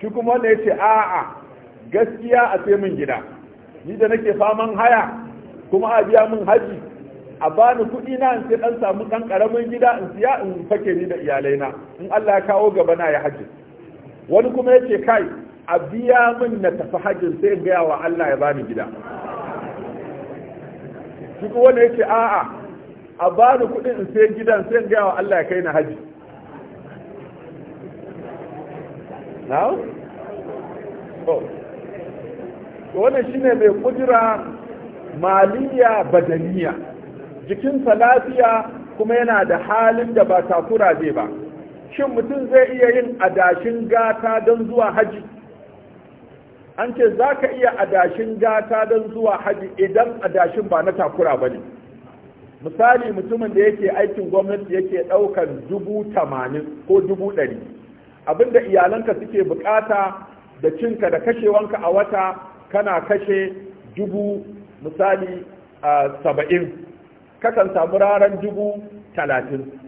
Speaker 1: shi kuma wanda ya ce a'a gaskiya a sai min gida ni da nake faman haya kuma a biya min haji a bani kuɗi na in sai dan samu dan karamin gida in siya in fake ni da iyalaina in Allah ya kawo gaba na ya haji wani kuma ya kai a biya min na tafi hajjin sai in gaya wa Allah ya bani gida shi kuma wani ya ce a'a a bani kuɗin in sai gidan sai in gaya wa Allah ya kai na haji na? wannan shine mai kudura maliya badaniya jikinsa lafiya kuma yana da halin da ba takura zai ba shin mutum zai iya yin adashin gata don zuwa haji an ce za ka iya adashin gata don zuwa haji idan adashin ba na takura ba ne misali mutumin da yake aikin gwamnati yake ɗaukar dubu tamanin ko dubu ɗari abinda iyalanka suke bukata da cinka da kashewanka a wata kana kashe dubu misali saba'in kakan samu raran dubu talatin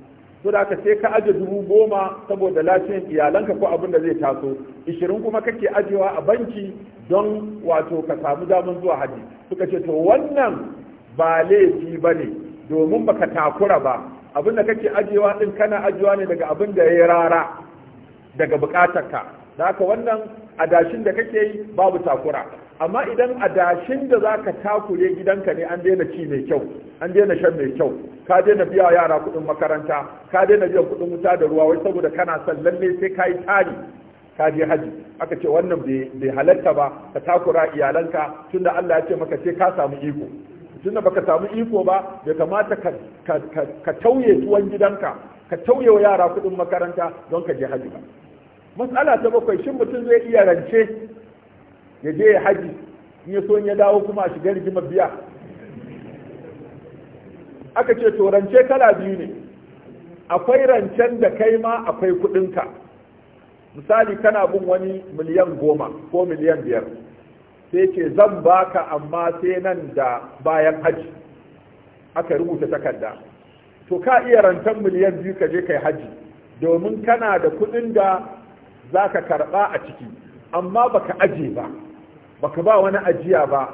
Speaker 1: Kuda ka sai ka aje dubu goma saboda lafiyan iyalanka ko abin da zai taso ishirin kuma kake ajewa a banki don wato ka samu damar zuwa haji suka ce to wannan ba laifi ba ne domin baka takura ba abin da kake ajewa din kana ajewa ne daga abin da ya rara daga bukatarka da haka wannan adashin da kake yi babu takura amma idan a dashin da za ka takure gidanka ne an daina ci mai kyau an daina shan mai kyau ka daina biya yara kuɗin makaranta ka daina biyan kuɗin wuta da ruwa wai saboda kana son lalle sai ka yi tsari ka je haji aka ce wannan bai halatta ba ka takura iyalanka tunda Allah ya ce maka sai ka samu iko tunda baka samu iko ba bai kamata ka tauye tuwon gidanka ka tauye wa yara kuɗin makaranta don ka je haji ba matsala ta bakwai shin mutum zai iya rance ya je ya haji in ya so ya dawo kuma a shiga rigimar biya aka ce to rance kala biyu ne akwai rancen da kai ma akwai kudinka misali kana bin wani miliyan goma ko miliyan biyar sai ce zan baka amma sai nan da bayan haji aka rubuta takarda to ka iya rancen miliyan biyu ka je kai haji domin kana da kudin da za ka karba a ciki amma baka aje ba baka ba wani ajiya ba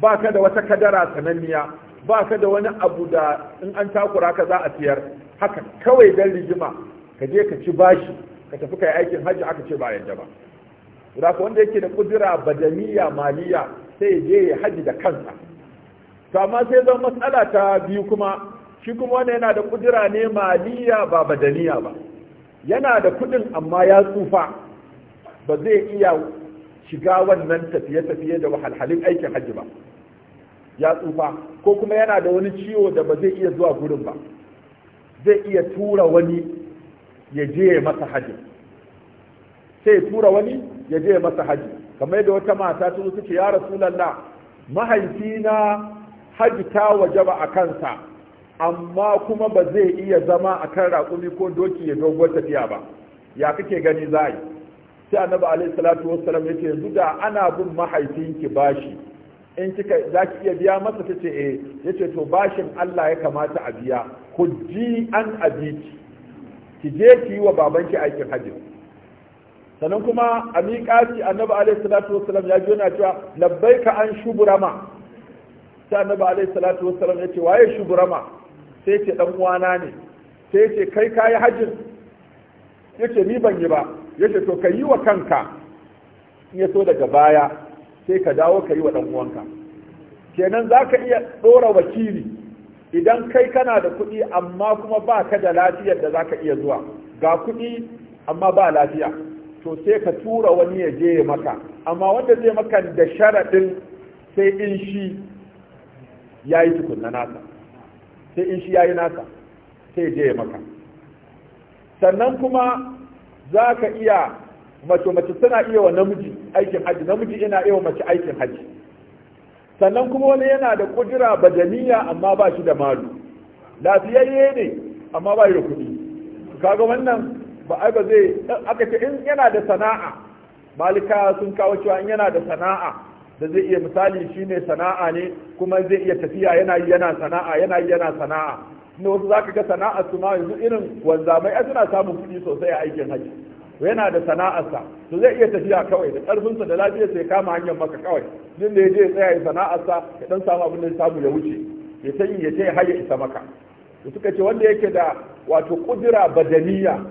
Speaker 1: baka da wata kadara sananniya baka da wani abu da in an takura ka za a siyar haka kawai dan rijima ka je ka ci bashi ka tafi kai aikin hajji aka ce ba yadda ba da wanda yake da kudura badaniya maliya sai ya je ya hajji da kansa to amma sai zan matsala ta biyu kuma shi kuma wanda yana da kudura ne maliya ba badaniya ba yana da kudin amma ya tsufa ba zai iya shiga wannan tafiye-tafiye da wahalhalin aikin hajji ba ya tsufa ko kuma yana da wani ciwo da ba zai iya zuwa gurin ba zai iya tura wani ya je masa hajji sai tura wani ya je masa hajji kamar yadda wata mata ta suke ce ya Mahaifi na hajji ta waje ba a kansa amma kuma ba zai iya zama a kan raƙumi ko doki ya dogon tafiya ba ya kake gani za yi sai annabi alaihi salatu wassalam yace yanzu da ana bin mahaifinki bashi in kika zaki iya biya masa tace eh yace to bashin Allah ya kamata a biya hujji an abiki ki je ki yi wa babanki aikin hajji sannan kuma a miƙaci annabi alayhi salatu wassalam ya ji yana cewa labbaika an shuburama sai annabi alaihi salatu wassalam yace waye shuburama sai ce dan uwana ne sai ce kai kayi hajjin yace ni ban yi ba yace to ka yi wa kanka in ya so daga baya sai ka dawo ka yi wa dan uwanka kenan za ka iya ɗora wakili idan kai kana da kuɗi amma kuma ba ka da lafiyar da za ka iya zuwa ga kuɗi amma ba lafiya to sai ka tura wani ya je maka amma wanda zai maka da sharaɗin sai in shi ya tukunna nasa sai in shi ya yi nasa sai je maka sannan kuma za ka iya mace mace tana iya wa namiji aikin hajji namiji yana iya wa mace aikin hajji sannan kuma wani yana da kudura bajaniya amma ba shi da malu lafiyayye ne amma ba yi da kuɗi kaga wannan ba ai ba zai aka ce in yana da sana'a malika sun kawo cewa in yana da sana'a da zai iya misali shine sana'a ne kuma zai iya tafiya yana yana sana'a yana yana sana'a na wasu zaka ga sana'ar su ma yanzu irin wanzamai ai suna samun kuɗi sosai a aikin haji yana da sana'arsa to zai iya tafiya kawai da ƙarfinsa da lafiyarsa ya kama hanyar maka kawai din da ya tsaya ya sana'arsa ya dan samu abin da ya samu ya wuce ya san ya ce har ya isa maka to suka ce wanda yake da wato kudura badaniya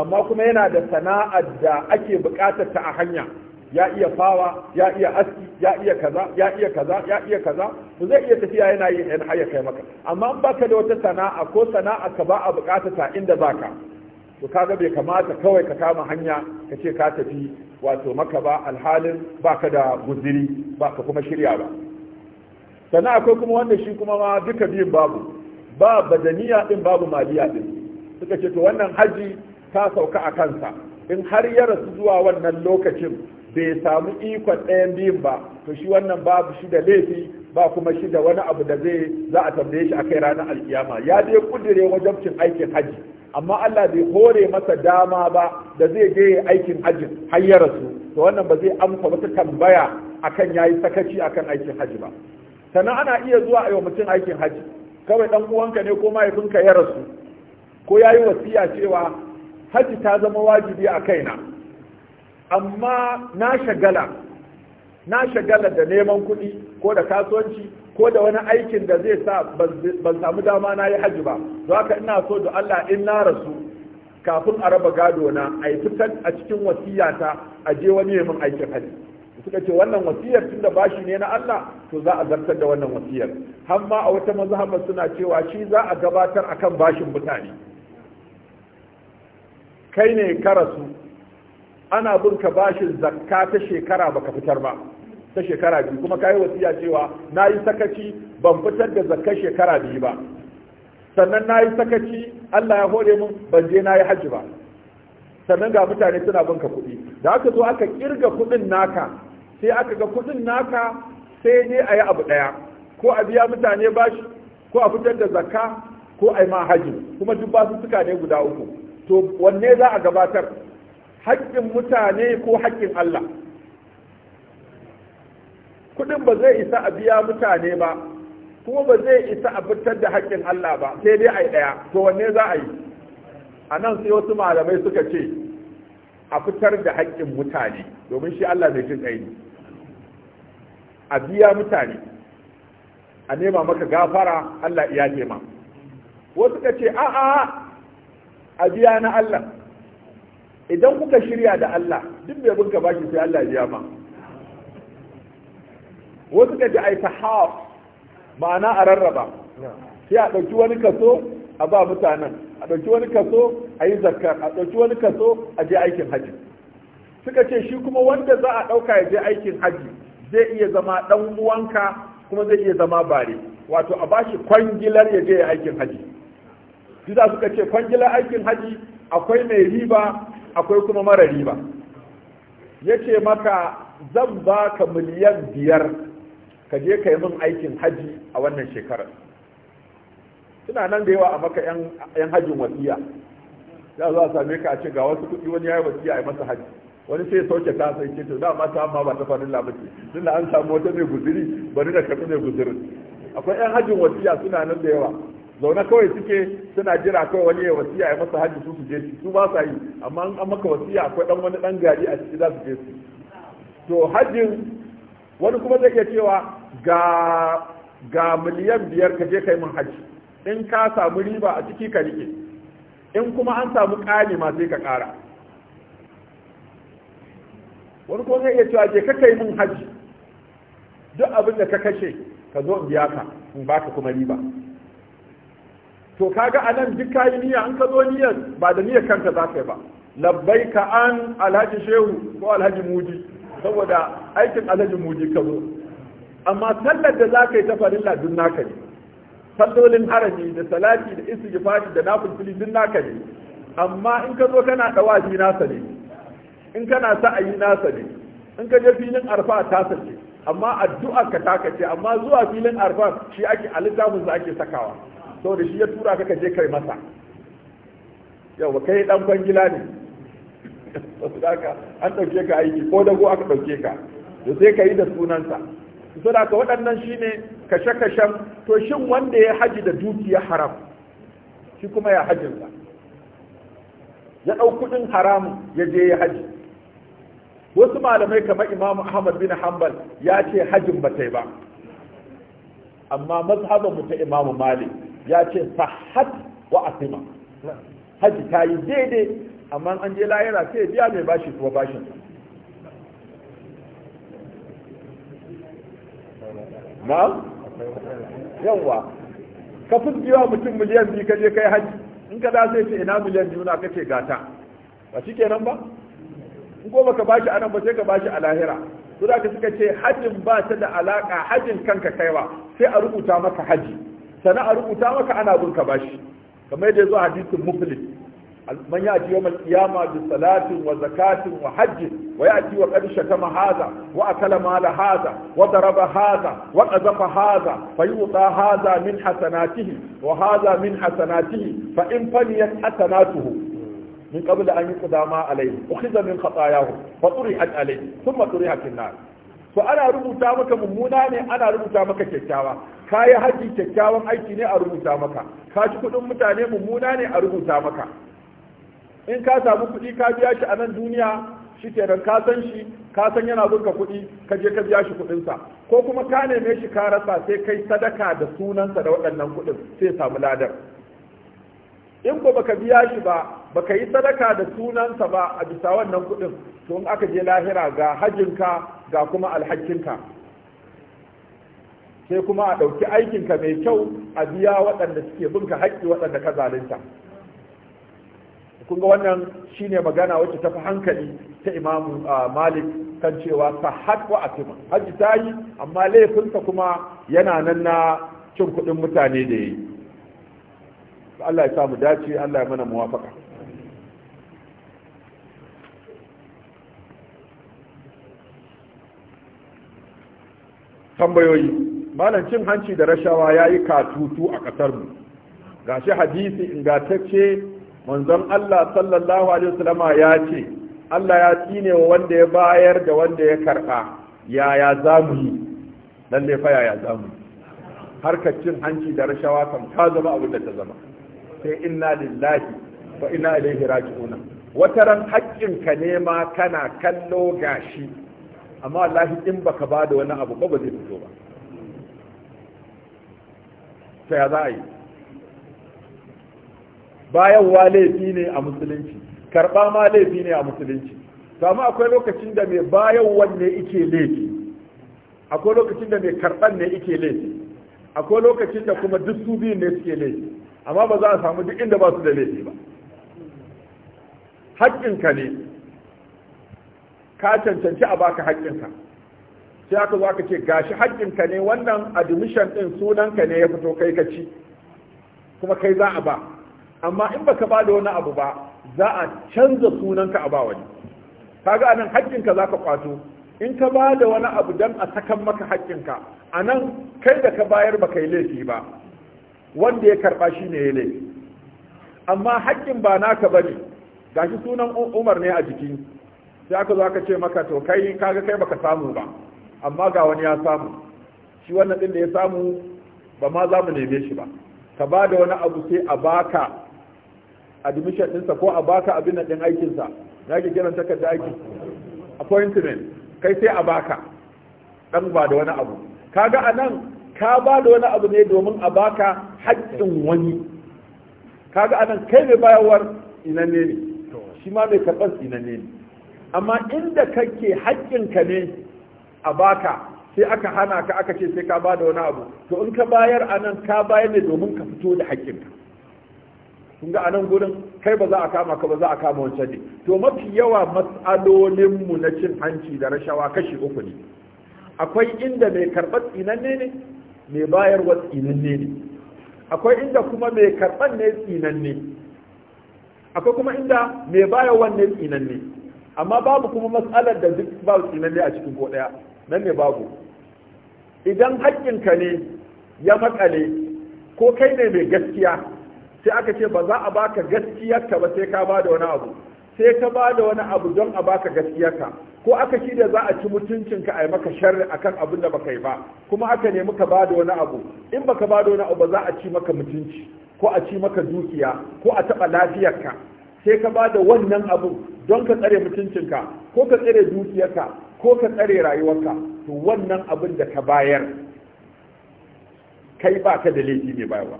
Speaker 1: amma kuma yana da sana'ar da ake buƙatar ta a hanya ya iya fawa ya iya aski ya iya kaza ya iya kaza ya iya kaza to zai iya tafiya yana yin yan haya kai maka amma in baka da wata sana'a ko sana'a ka ba a bukata ta inda baka to kaga bai kamata kawai ka kama hanya ka ce ka tafi wato maka ba alhalin baka da guziri baka kuma shirya ba Sana'a ko kuma wanda shi kuma ma duka biyun babu ba badaniya din babu maliya din suka ce to wannan haji ta sauka a kansa in har ya rasu zuwa wannan lokacin bai samu ikon ɗayan biyun ba to shi wannan babu shi da laifi ba kuma shi da wani abu da zai za a tambaye shi akai ranar alkiyama ya dai kudure cin aikin haji amma Allah bai hore masa dama ba da zai je aikin haji har ya rasu to wannan ba zai amsa wata tambaya akan yayi sakaci akan aikin haji ba sannan ana iya zuwa a yi mutum aikin haji kawai ɗan uwanka ne ko mahaifinka ya rasu ko yayi wasiya cewa haji ta zama wajibi a kaina amma na shagala na shagala da neman kuɗi ko da kasuwanci ko da wani aikin da zai sa ban samu dama na yi hajji ba don haka ina so da Allah in na rasu kafin a raba gado na a fitar a cikin wasiyata a je wani yamin aikin hajji suka ce wannan wasiyar tun da bashi ne na Allah to za a zartar da wannan wasiyar har a wata mazhaba suna cewa shi za a gabatar akan bashin mutane kai ne ka rasu ana bin ka bashin zakka ta shekara baka fitar ba ta shekara biyu kuma kayi wasiya cewa na yi sakaci ban fitar da zakka shekara biyu ba sannan na yi sakaci Allah ya hore mun ban je na yi ba sannan ga mutane suna bin ka kuɗi da aka zo aka kirga kuɗin naka sai aka ga kuɗin naka sai dai a yi abu ɗaya ko a biya mutane bashi ko a fitar da zakka ko a yi ma haji kuma duk su suka ne guda uku to wanne za a gabatar haƙƙin mutane ko haƙƙin Allah kudin ba zai isa a biya mutane ba kuma ba zai isa a fitar da haƙƙin Allah ba sai dai a yi ɗaya to wanne za a yi a nan sai wasu malamai suka ce a fitar da haƙƙin mutane domin shi Allah mai jin ƙaini a biya mutane a nema maka gafara Allah iya nema wasu ka ce a'a a biya na Allah idan kuka shirya da Allah duk mai bunka baki sai Allah ya ma wasu ka ji aita tahaf ma'ana a rarraba sai a ɗauki wani kaso a ba mutanen a ɗauki wani kaso a yi zakar a ɗauki wani kaso a je aikin hajji. suka ce shi kuma wanda za a ɗauka ya je aikin hajji, zai iya zama ɗan uwanka kuma zai iya zama bare wato a bashi kwangilar ya je aikin hajji. shi suka ce kwangilar aikin hajji akwai mai riba akwai kuma mara riba yace maka zan ba ka miliyan biyar ka je ka yi min aikin haji a wannan shekarar suna nan da yawa a maka 'yan hajin wasiya za a same ka a ce ga wasu kuɗi wani ya yi wasiya a masa haji wani sai sauke ta sai ce da ma ta amma ba ta fanin labarci tun da an samu wata mai guziri bari da karɓi mai guzirin akwai 'yan hajin wasiya suna nan da yawa zaune kawai suke suna jira kawai wani ya wasiya ya masa hajji su su je su su ba sa yi amma an maka wasiya akwai dan wani dan gari a ciki za su je su to hajjin wani kuma zai iya cewa ga ga miliyan biyar ka je kai min hajji in ka samu riba a ciki ka rike in kuma an samu ƙari ma sai ka ƙara wani kuma zai iya cewa je ka kai min hajji duk abin da ka kashe ka zo in biya ka in baka kuma riba to kaga anan duk kayi niyya an ka zo niyyar ba da niyyar kanta za ka yi ba labbaika an alhaji shehu ko alhaji muji saboda aikin alhaji muji ka zo amma sallar da za ka yi ta farilla duk naka ne sallolin harami da salati da istighfari da nafulfili duk naka ne amma in ka zo kana dawazi nasa ne in kana sa'ayi nasa ne in ka je filin arfa ta sace amma addu'a ka taka ce amma zuwa filin arfa shi ake a littafin ake sakawa da shi ya tura ka je kai masa yawa kai dan kwangila ne daga an dauke ka aiki ko dago aka dauke ka da sai ka yi da sunansa da ka waɗannan shine kashe-kashen to shin wanda ya haji da dukiya haram shi kuma ya hajinsa ya ɗau kuɗin haram ya je ya haji wasu malamai kamar imamu ahmad bin hanbal ya ce hajin ba ta yi ba amma mazhaban mu ta imamu malik ya ce sahat wa asima haji ta yi daidai amma an je layira sai biya mai bashi kuma bashin na yawwa ka biya mutum miliyan biyu ka je kai haji in ka za sai ce ina miliyan biyu na kace gata ba shi kenan ba in ko ka bashi anan ba sai ka bashi a lahira su da ka suka ce hajjin ba ta da alaka hajjin kanka kaiwa sai a rubuta maka haji sana a rubuta maka ana bin ka bashi kamar yadda ya zuwa hadisin muflis man ya ji al-qiyamah bi salatin wa zakatin wa hajji wa ya'ti wa qad shatama hadha wa akala mala hadha wa daraba hadha wa qadhafa hadha fa yuta hadha min hasanatihi wa hadha min hasanatihi fa in faniyat hasanatuhu min من an yuqdama alayhi عليه min khatayahu fa turihat alayhi thumma turihat an-nar to ana rubuta maka mummuna ne ana rubuta maka kyakkyawa ka yi haji kyakkyawan aiki ne a rubuta maka ka ci kuɗin mutane mummuna ne a rubuta maka in ka samu kuɗi ka biya shi a nan duniya shi kenan ka san shi ka san yana zuwa ka kuɗi ka je ka biya shi kuɗinsa ko kuma ka neme shi ka rasa sai kai sadaka da sunansa da waɗannan kuɗin sai samu ladar in ko ka biya shi ba baka yi sadaka da sunansa ba a bisa wannan kuɗin to in aka je lahira ga hajjinka ga kuma alhakinka sai kuma a ɗauki aikinka mai kyau a biya waɗanda suke binka haƙƙi waɗanda ka zalunta kun ga wannan shine magana wacce ta fi hankali ta imamu malik kan cewa Sahad wa atima hajji ta yi amma laifinsa kuma yana nan na cin kuɗin mutane da ya yi Allah ya samu dace Allah ya mana muwafaka tambayoyi malam cin hanci da rashawa ya yi katutu a ƙasar mu shi hadisi ingantacce manzon Allah sallallahu alaihi wasallama ya ce Allah ya tsine wa wanda ya bayar da wanda ya karɓa yaya za mu yi ne fa yaya za mu harkar cin hanci da rashawa kan ta zama abin da ta zama sai inna lillahi wa inna ilaihi raji'una wata ran haƙƙinka ne ma kana kallo gashi amma wallahi in baka ba da wani abu ba ba zai fito ba ta ya za a yi wa laifi ne a musulunci karɓa ma laifi ne a musulunci Samu akwai lokacin da mai bayarwan ne ike laifi akwai lokacin da mai karɓan ne ike laifi akwai lokacin da kuma duk su biyu ne suke laifi amma ba za a samu duk inda ba su da laifi ba haƙƙinka ne ka cancanci a baka haƙƙinka sai aka zo aka ce gashi haƙƙinka ne wannan admission ɗin sunanka ne ya fito kai ka ci kuma kai za a ba amma in baka ba da wani abu ba za a canza sunanka a ba wani kaga anan haƙƙinka za ka kwato in ka ba da wani abu don a sakan maka haƙƙinka a nan kai da ka bayar ba ka yi laifi ba wanda ya karɓa shi ne ya laifi amma haƙƙin ba naka ba ne gashi sunan umar ne a jiki sai aka zo aka ce maka to kai kaga kai baka samu ba amma ga wani ya samu shi wannan din da ya samu ba ma za mu neme shi ba ka ba da wani abu sai a baka admission dinsa ko a baka abin din ɗin aikinsa ya ke kiran takarda aiki appointment kai sai a baka ɗan ba da wani abu kaga anan ka ba da wani abu ne domin a baka haƙƙin wani kaga anan kai mai bayarwar inanne ne shi ma mai karɓar inanne ne amma inda kake haƙƙinka ne a baka sai aka hana ka aka ce sai ka ba da wani abu to in ka bayar a nan ka bayar ne domin ka fito da haƙƙinka kun ga a nan gudun, kai ba za a kama ka ba za a kama wancan ne to mafi yawa matsalolinmu na cin hanci da rashawa kashi uku ne akwai inda mai karɓar tsinanne ne mai bayar wa tsinanne ne akwai inda kuma mai karɓar ne tsinanne akwai kuma inda mai bayarwa ne tsinanne amma babu kuma matsalar da duk babu tsinanne a cikin ko daya nan ne babu idan ka ne ya makale ko kai ne mai gaskiya sai aka ce ba za a baka gaskiyarka ba sai ka ba da wani abu sai ka ba da wani abu don a baka gaskiyarka ko aka shi da za a ci mutuncinka a yi maka sharri kan abin da baka yi ba kuma aka nemi ka da wani abu in baka ba da wani abu ba za a ci maka mutunci ko a ci maka dukiya ko a taɓa lafiyarka sai ka ba da wannan abun don ka tsare mutuncinka ko ka tsare dukiyarka ko ka tsare rayuwarka to wannan abin da ka bayar kai ba ka da laifi ne bayarwa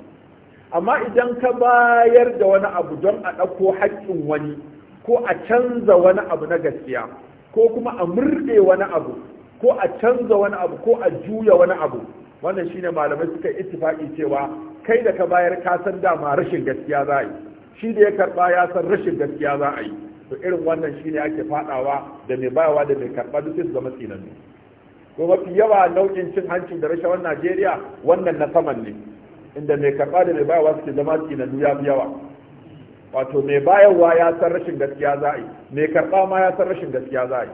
Speaker 1: amma idan ka bayar da wani abu don a ɗauko haƙƙin wani ko a canza wani abu na gaskiya ko kuma a murɗe wani abu ko a canza wani abu ko a juya wani abu wannan shine malamai suka ittifaki cewa kai da ka bayar ka san dama rashin gaskiya za yi shi da ya karba ya san rashin gaskiya za a yi to irin wannan shine ake faɗawa da mai bayawa da mai karba duk su zama ne ko mafi yawa nau'in cin hanci da rashawar Najeriya wannan na saman ne inda mai karba da mai bayawa suke zama tsinan ya fi yawa wato mai bayarwa ya san rashin gaskiya za a yi mai karba ma ya san rashin gaskiya za a yi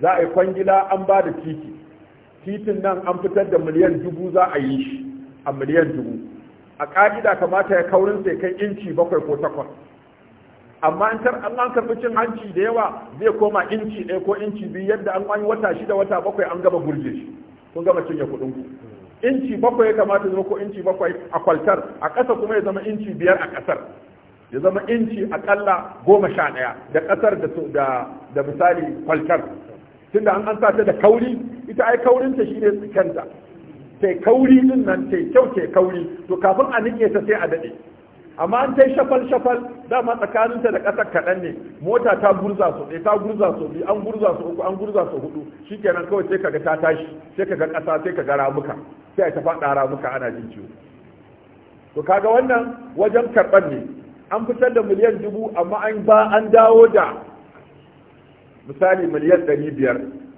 Speaker 1: za a yi kwangila an ba da titi titin nan an fitar da miliyan dubu za a yi shi a miliyan dubu a ƙa'ida kamata ya kaurin sai kai inci bakwai ko takwas amma in tar Allah karɓi cin hanci da yawa zai koma inci ɗaya ko inci biyu yadda an an wata shida wata bakwai an gama gurje shi kun gama cinye kuɗin ku inci bakwai ya kamata zama ko inci bakwai a kwaltar a ƙasa kuma ya zama inci biyar a ƙasar ya zama inci aƙalla goma sha ɗaya da ƙasar da da misali kwaltar tunda an an sa ta da kauri ita ai kaurinta shi ne tsikanta sai kauri din nan sai kyau sai kauri to kafin a nike ta sai a daɗe amma an yi shafal shafal dama tsakaninta da ƙasar kaɗan ne mota ta gurza so ɗaya ta gurza so biyu an gurza so uku an gurza so hudu shikenan kawai sai kaga ta tashi sai kaga ƙasa sai kaga ramuka sai ta faɗa ramuka ana jin ciwo to kaga wannan wajen karɓar ne an fitar da miliyan dubu amma an ba an dawo da misali miliyan ɗari biyar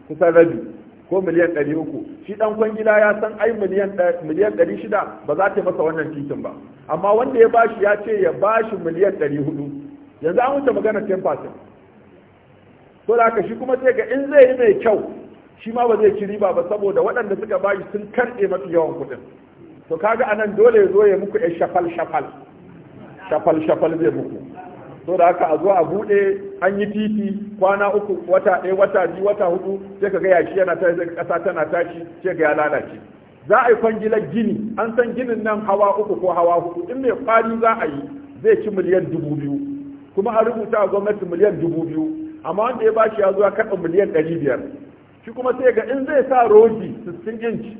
Speaker 1: kusan rabi ko miliyan ɗari uku shi ɗan kwangila ya san ai miliyan ɗari shida ba za ta masa wannan titin ba amma wanda ya bashi ya ce ya bashi miliyan ɗari hudu yanzu an wuce magana 10% to da shi kuma sai ga in zai yi mai kyau shi ma ba zai ci riba ba saboda waɗanda suka bashi sun karɗe mafi yawan kuɗin to kaga anan dole ya zo ya muku ya shafal shafal shafal shafal zai muku so da haka a zo a bude an yi titi kwana uku wata ɗaya wata biyu wata hudu sai ka ga yashi yana ta zai ƙasa tana tashi sai ga ya lalace za a yi kwangilar gini an san ginin nan hawa uku ko hawa hudu in mai kwari za a yi zai ci miliyan dubu biyu kuma an rubuta a gwamnati miliyan dubu biyu amma wanda ya bashi ya zuwa kaɗa miliyan ɗari biyar shi kuma sai ga in zai sa roji 60 inch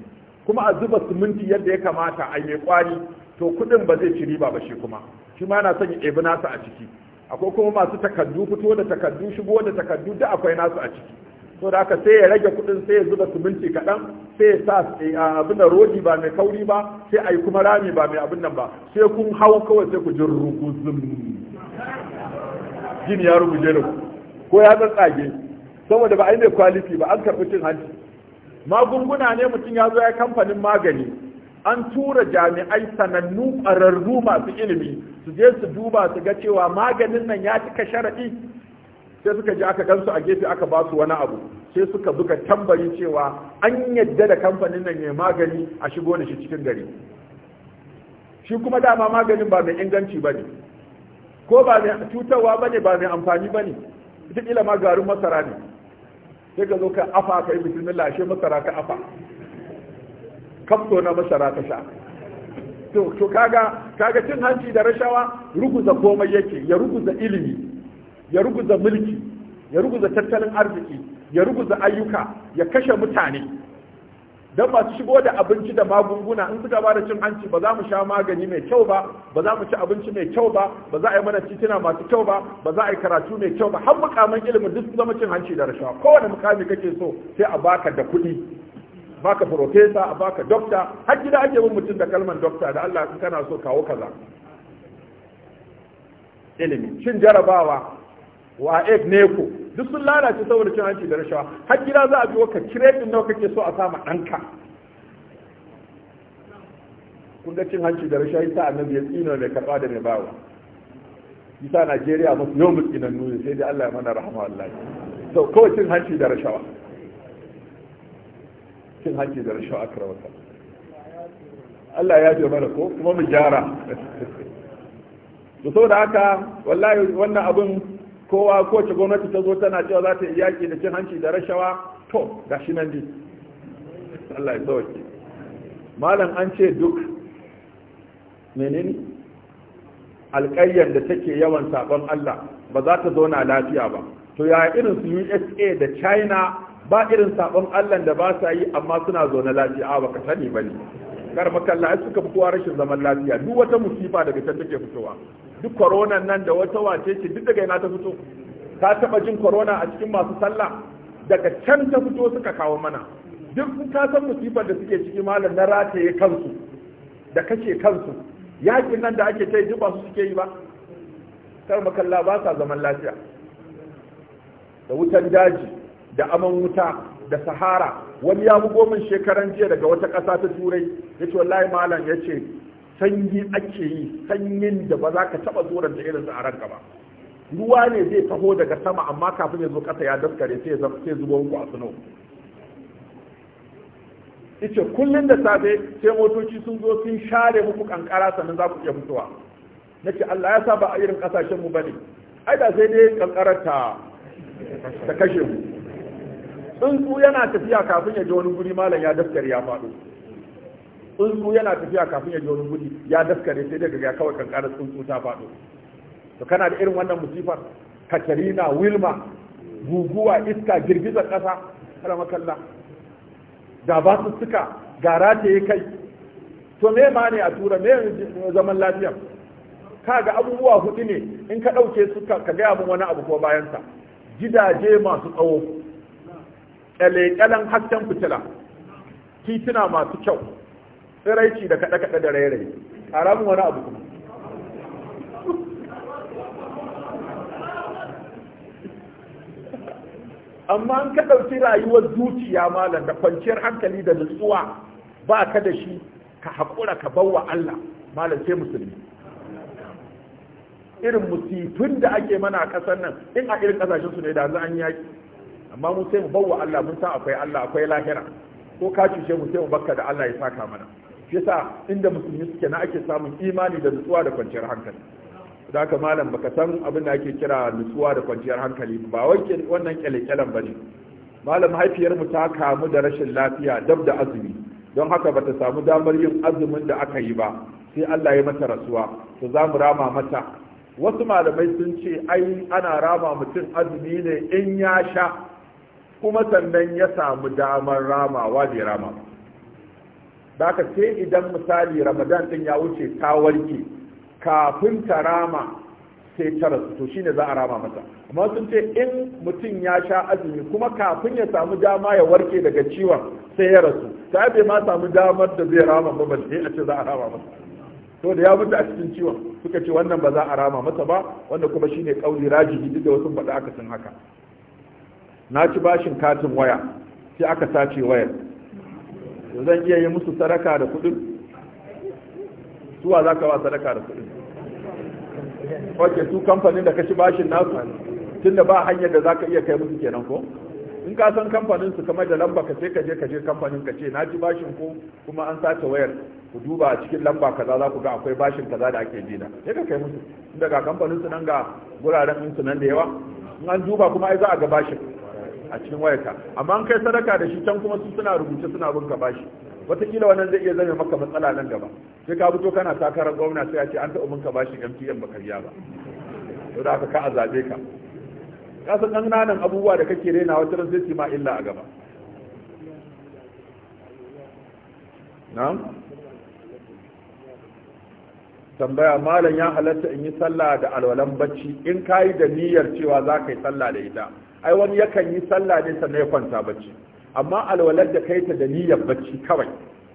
Speaker 1: kuma a zuba siminti yadda ya kamata a mai kwari to kuɗin ba zai ci riba ba shi kuma shi ma yana son ya ebi nasa a ciki akwai kuma masu takardu, fito da takardu shigo da takaddu duk akwai nasu a ciki so da aka sai ya rage kudin sai ya zuba siminti kaɗan sai ya sa eh, abin da rodi ba mai kauri ba sai a yi kuma rami ba mai abin nan ba sai kun hau kawai sai ku jin rukuzin
Speaker 2: gini ya rubuje da ku
Speaker 1: ko ya tsage? saboda ba a yi mai kwaliti ba an karɓi cin hanci magunguna ne mutum ya zo ya kamfanin magani an tura jami'ai sanannu ƙwararru masu ilimi su je su duba su ga cewa maganin nan ya cika sharaɗi sai suka je aka gansu a gefe aka ba su wani abu sai suka buka tambari cewa an yadda da kamfanin nan ya magani a shigo da shi cikin gari shi kuma dama maganin ba mai inganci ba ne ko ba mai cutarwa ba ne ba mai amfani ba ne ita ma garin masara ne sai ka zo ka afa ka yi bisimila ashe masara ka afa kafto na masara ta sha to kaga kaga cin hanci da rashawa ruguza komai yake ya ruguza ilimi ya ruguza mulki ya ruguza tattalin arziki ya ruguza ayyuka ya kashe mutane don masu shigo da abinci da magunguna in suka ba da cin hanci ba za mu sha magani mai kyau ba ba za mu ci abinci mai kyau ba ba za a yi mana titina masu kyau ba ba za a yi karatu mai kyau ba har mukamin ilimin duk zama cin hanci da rashawa kowane mukami kake so sai a baka da kuɗi baka profesa a baka dokta har gida ake mun mutum da kalmar dokta da Allah in kana so kawo kaza ilimi cin jarabawa wa ek ku? duk sun lalace saboda cin hanci da rashawa har gida za a biyo ka kiretin nawa kake so a sama danka kun ga cin hanci da rashawa yasa annabi ya tsino mai karɓa da mai bawa yasa Najeriya masu yau mutsinannu nuni sai dai Allah ya mana rahama wallahi to kawai cin hanci da rashawa cin hanci da rashin akara Allah ya biya mana ko kuma mu gyara to saboda haka wallahi wannan abin kowa ko ce gwamnati ta zo tana cewa za ta yi yaƙi da cin hanci da rashawa to ga shi nan dai Allah ya sauke malam an ce duk menene alƙayyar da take yawan sabon Allah ba za ta zauna lafiya ba to ya irin su USA da China ba irin sabon Allah da ba sa yi amma suna zo na lafiya ba ka sani bane kar makalla ai suka fitowa rashin zaman lafiya duk wata musifa daga can take fitowa duk corona nan da wata wace ce duk daga ina ta fito ka taba jin corona a cikin masu sallah daga can ta fito suka kawo mana duk ka san musifar da suke ciki malam na rataye kansu da kashe kansu yakin nan da ake ta yi duk ba su suke yi ba kar makalla ba sa zaman lafiya da wutan daji da aman wuta da sahara wani ya bugo min shekaran jiya daga wata ƙasa ta turai ya ce wallahi malam ya ce sanyi ake yi sanyin da ba za ka taɓa tsoron da irin a ranka ba ruwa ne zai taho daga sama amma kafin ya zo ƙasa ya daskare sai ya zubo muku a suno ita kullum da safe sai motoci sun zo sun share muku kankara sannan za ku iya fitowa na ce Allah ya saba a irin kasashen mu ne. ai da sai dai kankarar ta kashe mu tsuntsu yana tafiya kafin ya je wani guri malam ya daskare ya faɗo tsuntsu yana tafiya kafin ya je wani guri ya daskare sai daga ga kawai kankarar tsuntsu ta faɗo to kana da irin wannan musifar katarina wilma guguwa iska girgizar ƙasa makalla da ba su suka ga yi kai to me ma ne a tura me zaman lafiya ka ga abubuwa hudu ne in ka ɗauke su ka ga min wani abu ko bayansa gidaje masu tsawo kyale hasken fitila tituna masu kyau tsiraici da kaɗe-kaɗe da rairayi haramun wani abu kuma amma an ka ɗauki rayuwar zuciya malam da kwanciyar hankali da nutsuwa ba ka da shi ka haƙura ka wa Allah malam sai musulmi irin musifin da ake mana a ƙasar nan in a irin ƙasashen su ne da an yaki amma mu sai mu bawa Allah mun san akwai Allah akwai lahira ko ka cuce mu sai mu bakka da Allah ya saka mana shi yasa inda musulmi suke na ake samun imani da nutsuwa da kwanciyar hankali da haka malam baka san abin da ake kira nutsuwa da kwanciyar hankali ba wai wannan kyalekyalen bane malam haifiyar mu ta kamu da rashin lafiya dab da azumi don haka bata samu damar yin azumin da aka yi ba sai Allah ya mata rasuwa to za mu rama mata wasu malamai sun ce ai ana rama mutum azumi ne in ya sha kuma sannan ya samu damar ramawa bai rama da ka ce idan misali ramadan din ya wuce ta warke kafin ta rama sai ta rasu to shine za a rama mata amma sun ce in mutum ya sha azumi kuma kafin ya samu dama ya warke daga ciwon sai ya rasu ta bai ma samu damar da zai rama ba ba sai a ce za a rama masa to da ya mutu a cikin ciwon suka ce wannan ba za a rama masa ba wanda kuma shine kauli rajihi duk da wasu faɗa aka sun haka na ci bashin katin waya sai aka sace wayar zan iya yi musu sadaka da kudin suwa za ka ba sadaka da kudin ok su kamfanin da ka ci bashin nasu tunda ba hanyar da za ka iya kai musu kenan ko in ka san kamfanin su kamar da lamba ka sai ka je ka je kamfanin ka ce na ji bashin ko kuma an sace wayar ku duba a cikin lamba kaza za ku ga akwai bashin kaza da ake jina sai ka kai musu daga kamfanin su nan ga guraren su nan da yawa in an duba kuma ai za a ga bashin a cikin wayarka amma an kai sadaka da shi can kuma su suna rubuce suna bin ka bashi kila wannan zai iya zama maka matsala nan gaba sai ka fito kana takarar gwamna sai a ce an taɓa ka bashi MTN ba karya ba to da aka ka a zabe ka ka san ƙananan abubuwa da kake rena wata ran sai ma illa a gaba na'am tambaya malam ya halatta in yi sallah da alwalan bacci in yi da niyyar cewa za ka yi sallah da ita ai wani yakan yi sallah ne sannan ya kwanta bacci amma alwalar da kai ta da niyyar bacci kawai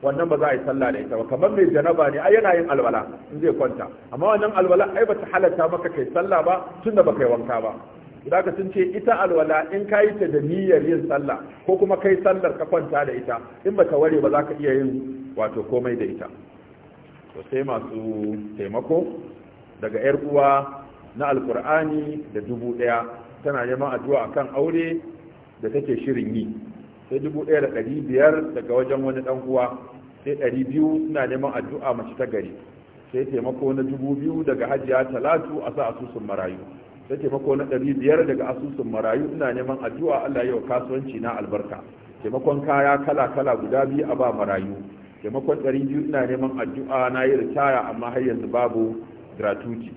Speaker 1: wannan ba za a yi sallah da ita ba kamar mai janaba ne ai yana yin alwala in zai kwanta amma wannan alwala ai ba ta halatta maka kai sallah ba tunda ba kai wanka ba idan ka sun ce ita alwala in ka yi ta da niyyar yin sallah ko kuma kai sallar ka kwanta da ita in ba ta ware ba za ka iya yin wato komai da ita to sai masu taimako daga yar uwa na alkur'ani da dubu daya tana neman addu'a akan aure da take shirin yi sai dubu daya da ɗari biyar daga wajen wani ɗan uwa sai ɗari biyu suna neman addu'a mace ta gari sai taimako na dubu biyu daga hajiya talatu a sa asusun marayu sai taimako na ɗari biyar daga asusun marayu ina neman addu'a allah yau kasuwanci na albarka taimakon kaya kala kala guda biyu a ba marayu taimakon ɗari biyu ina neman addu'a na yi ritaya amma har yanzu babu gratuity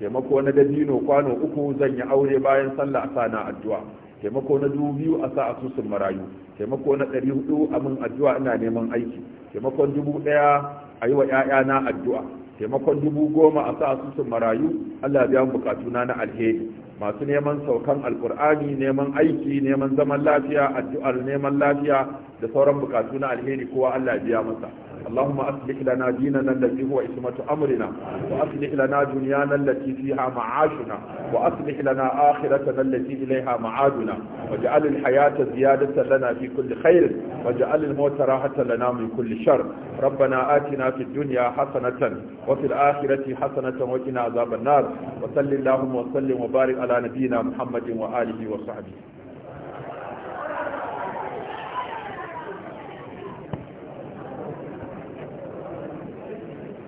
Speaker 1: taimako na dabino kwano uku zan yi aure bayan sallah a na addu'a taimako na dubu biyu a sa asusun marayu taimako na ɗari hudu a min addu'a ina neman aiki taimakon dubu ɗaya a yi wa ‘ya'yana addu'a taimakon dubu goma a sa asusun marayu allah biya bukatu na alheri masu neman saukan alkur'ani neman aiki neman zaman lafiya addu'ar neman lafiya da sauran bukatu na alheri kowa allah biya masa اللهم أصلح لنا ديننا الذي هو عصمة أمرنا وأصلح لنا دنيانا التي فيها معاشنا وأصلح لنا آخرتنا التي إليها معادنا واجعل الحياة زيادة لنا في كل خير واجعل الموت راحة لنا من كل شر ربنا آتنا في الدنيا حسنة وفي الآخرة حسنة وقنا عذاب النار وصل اللهم وسلم وبارك على نبينا محمد وآله وصحبه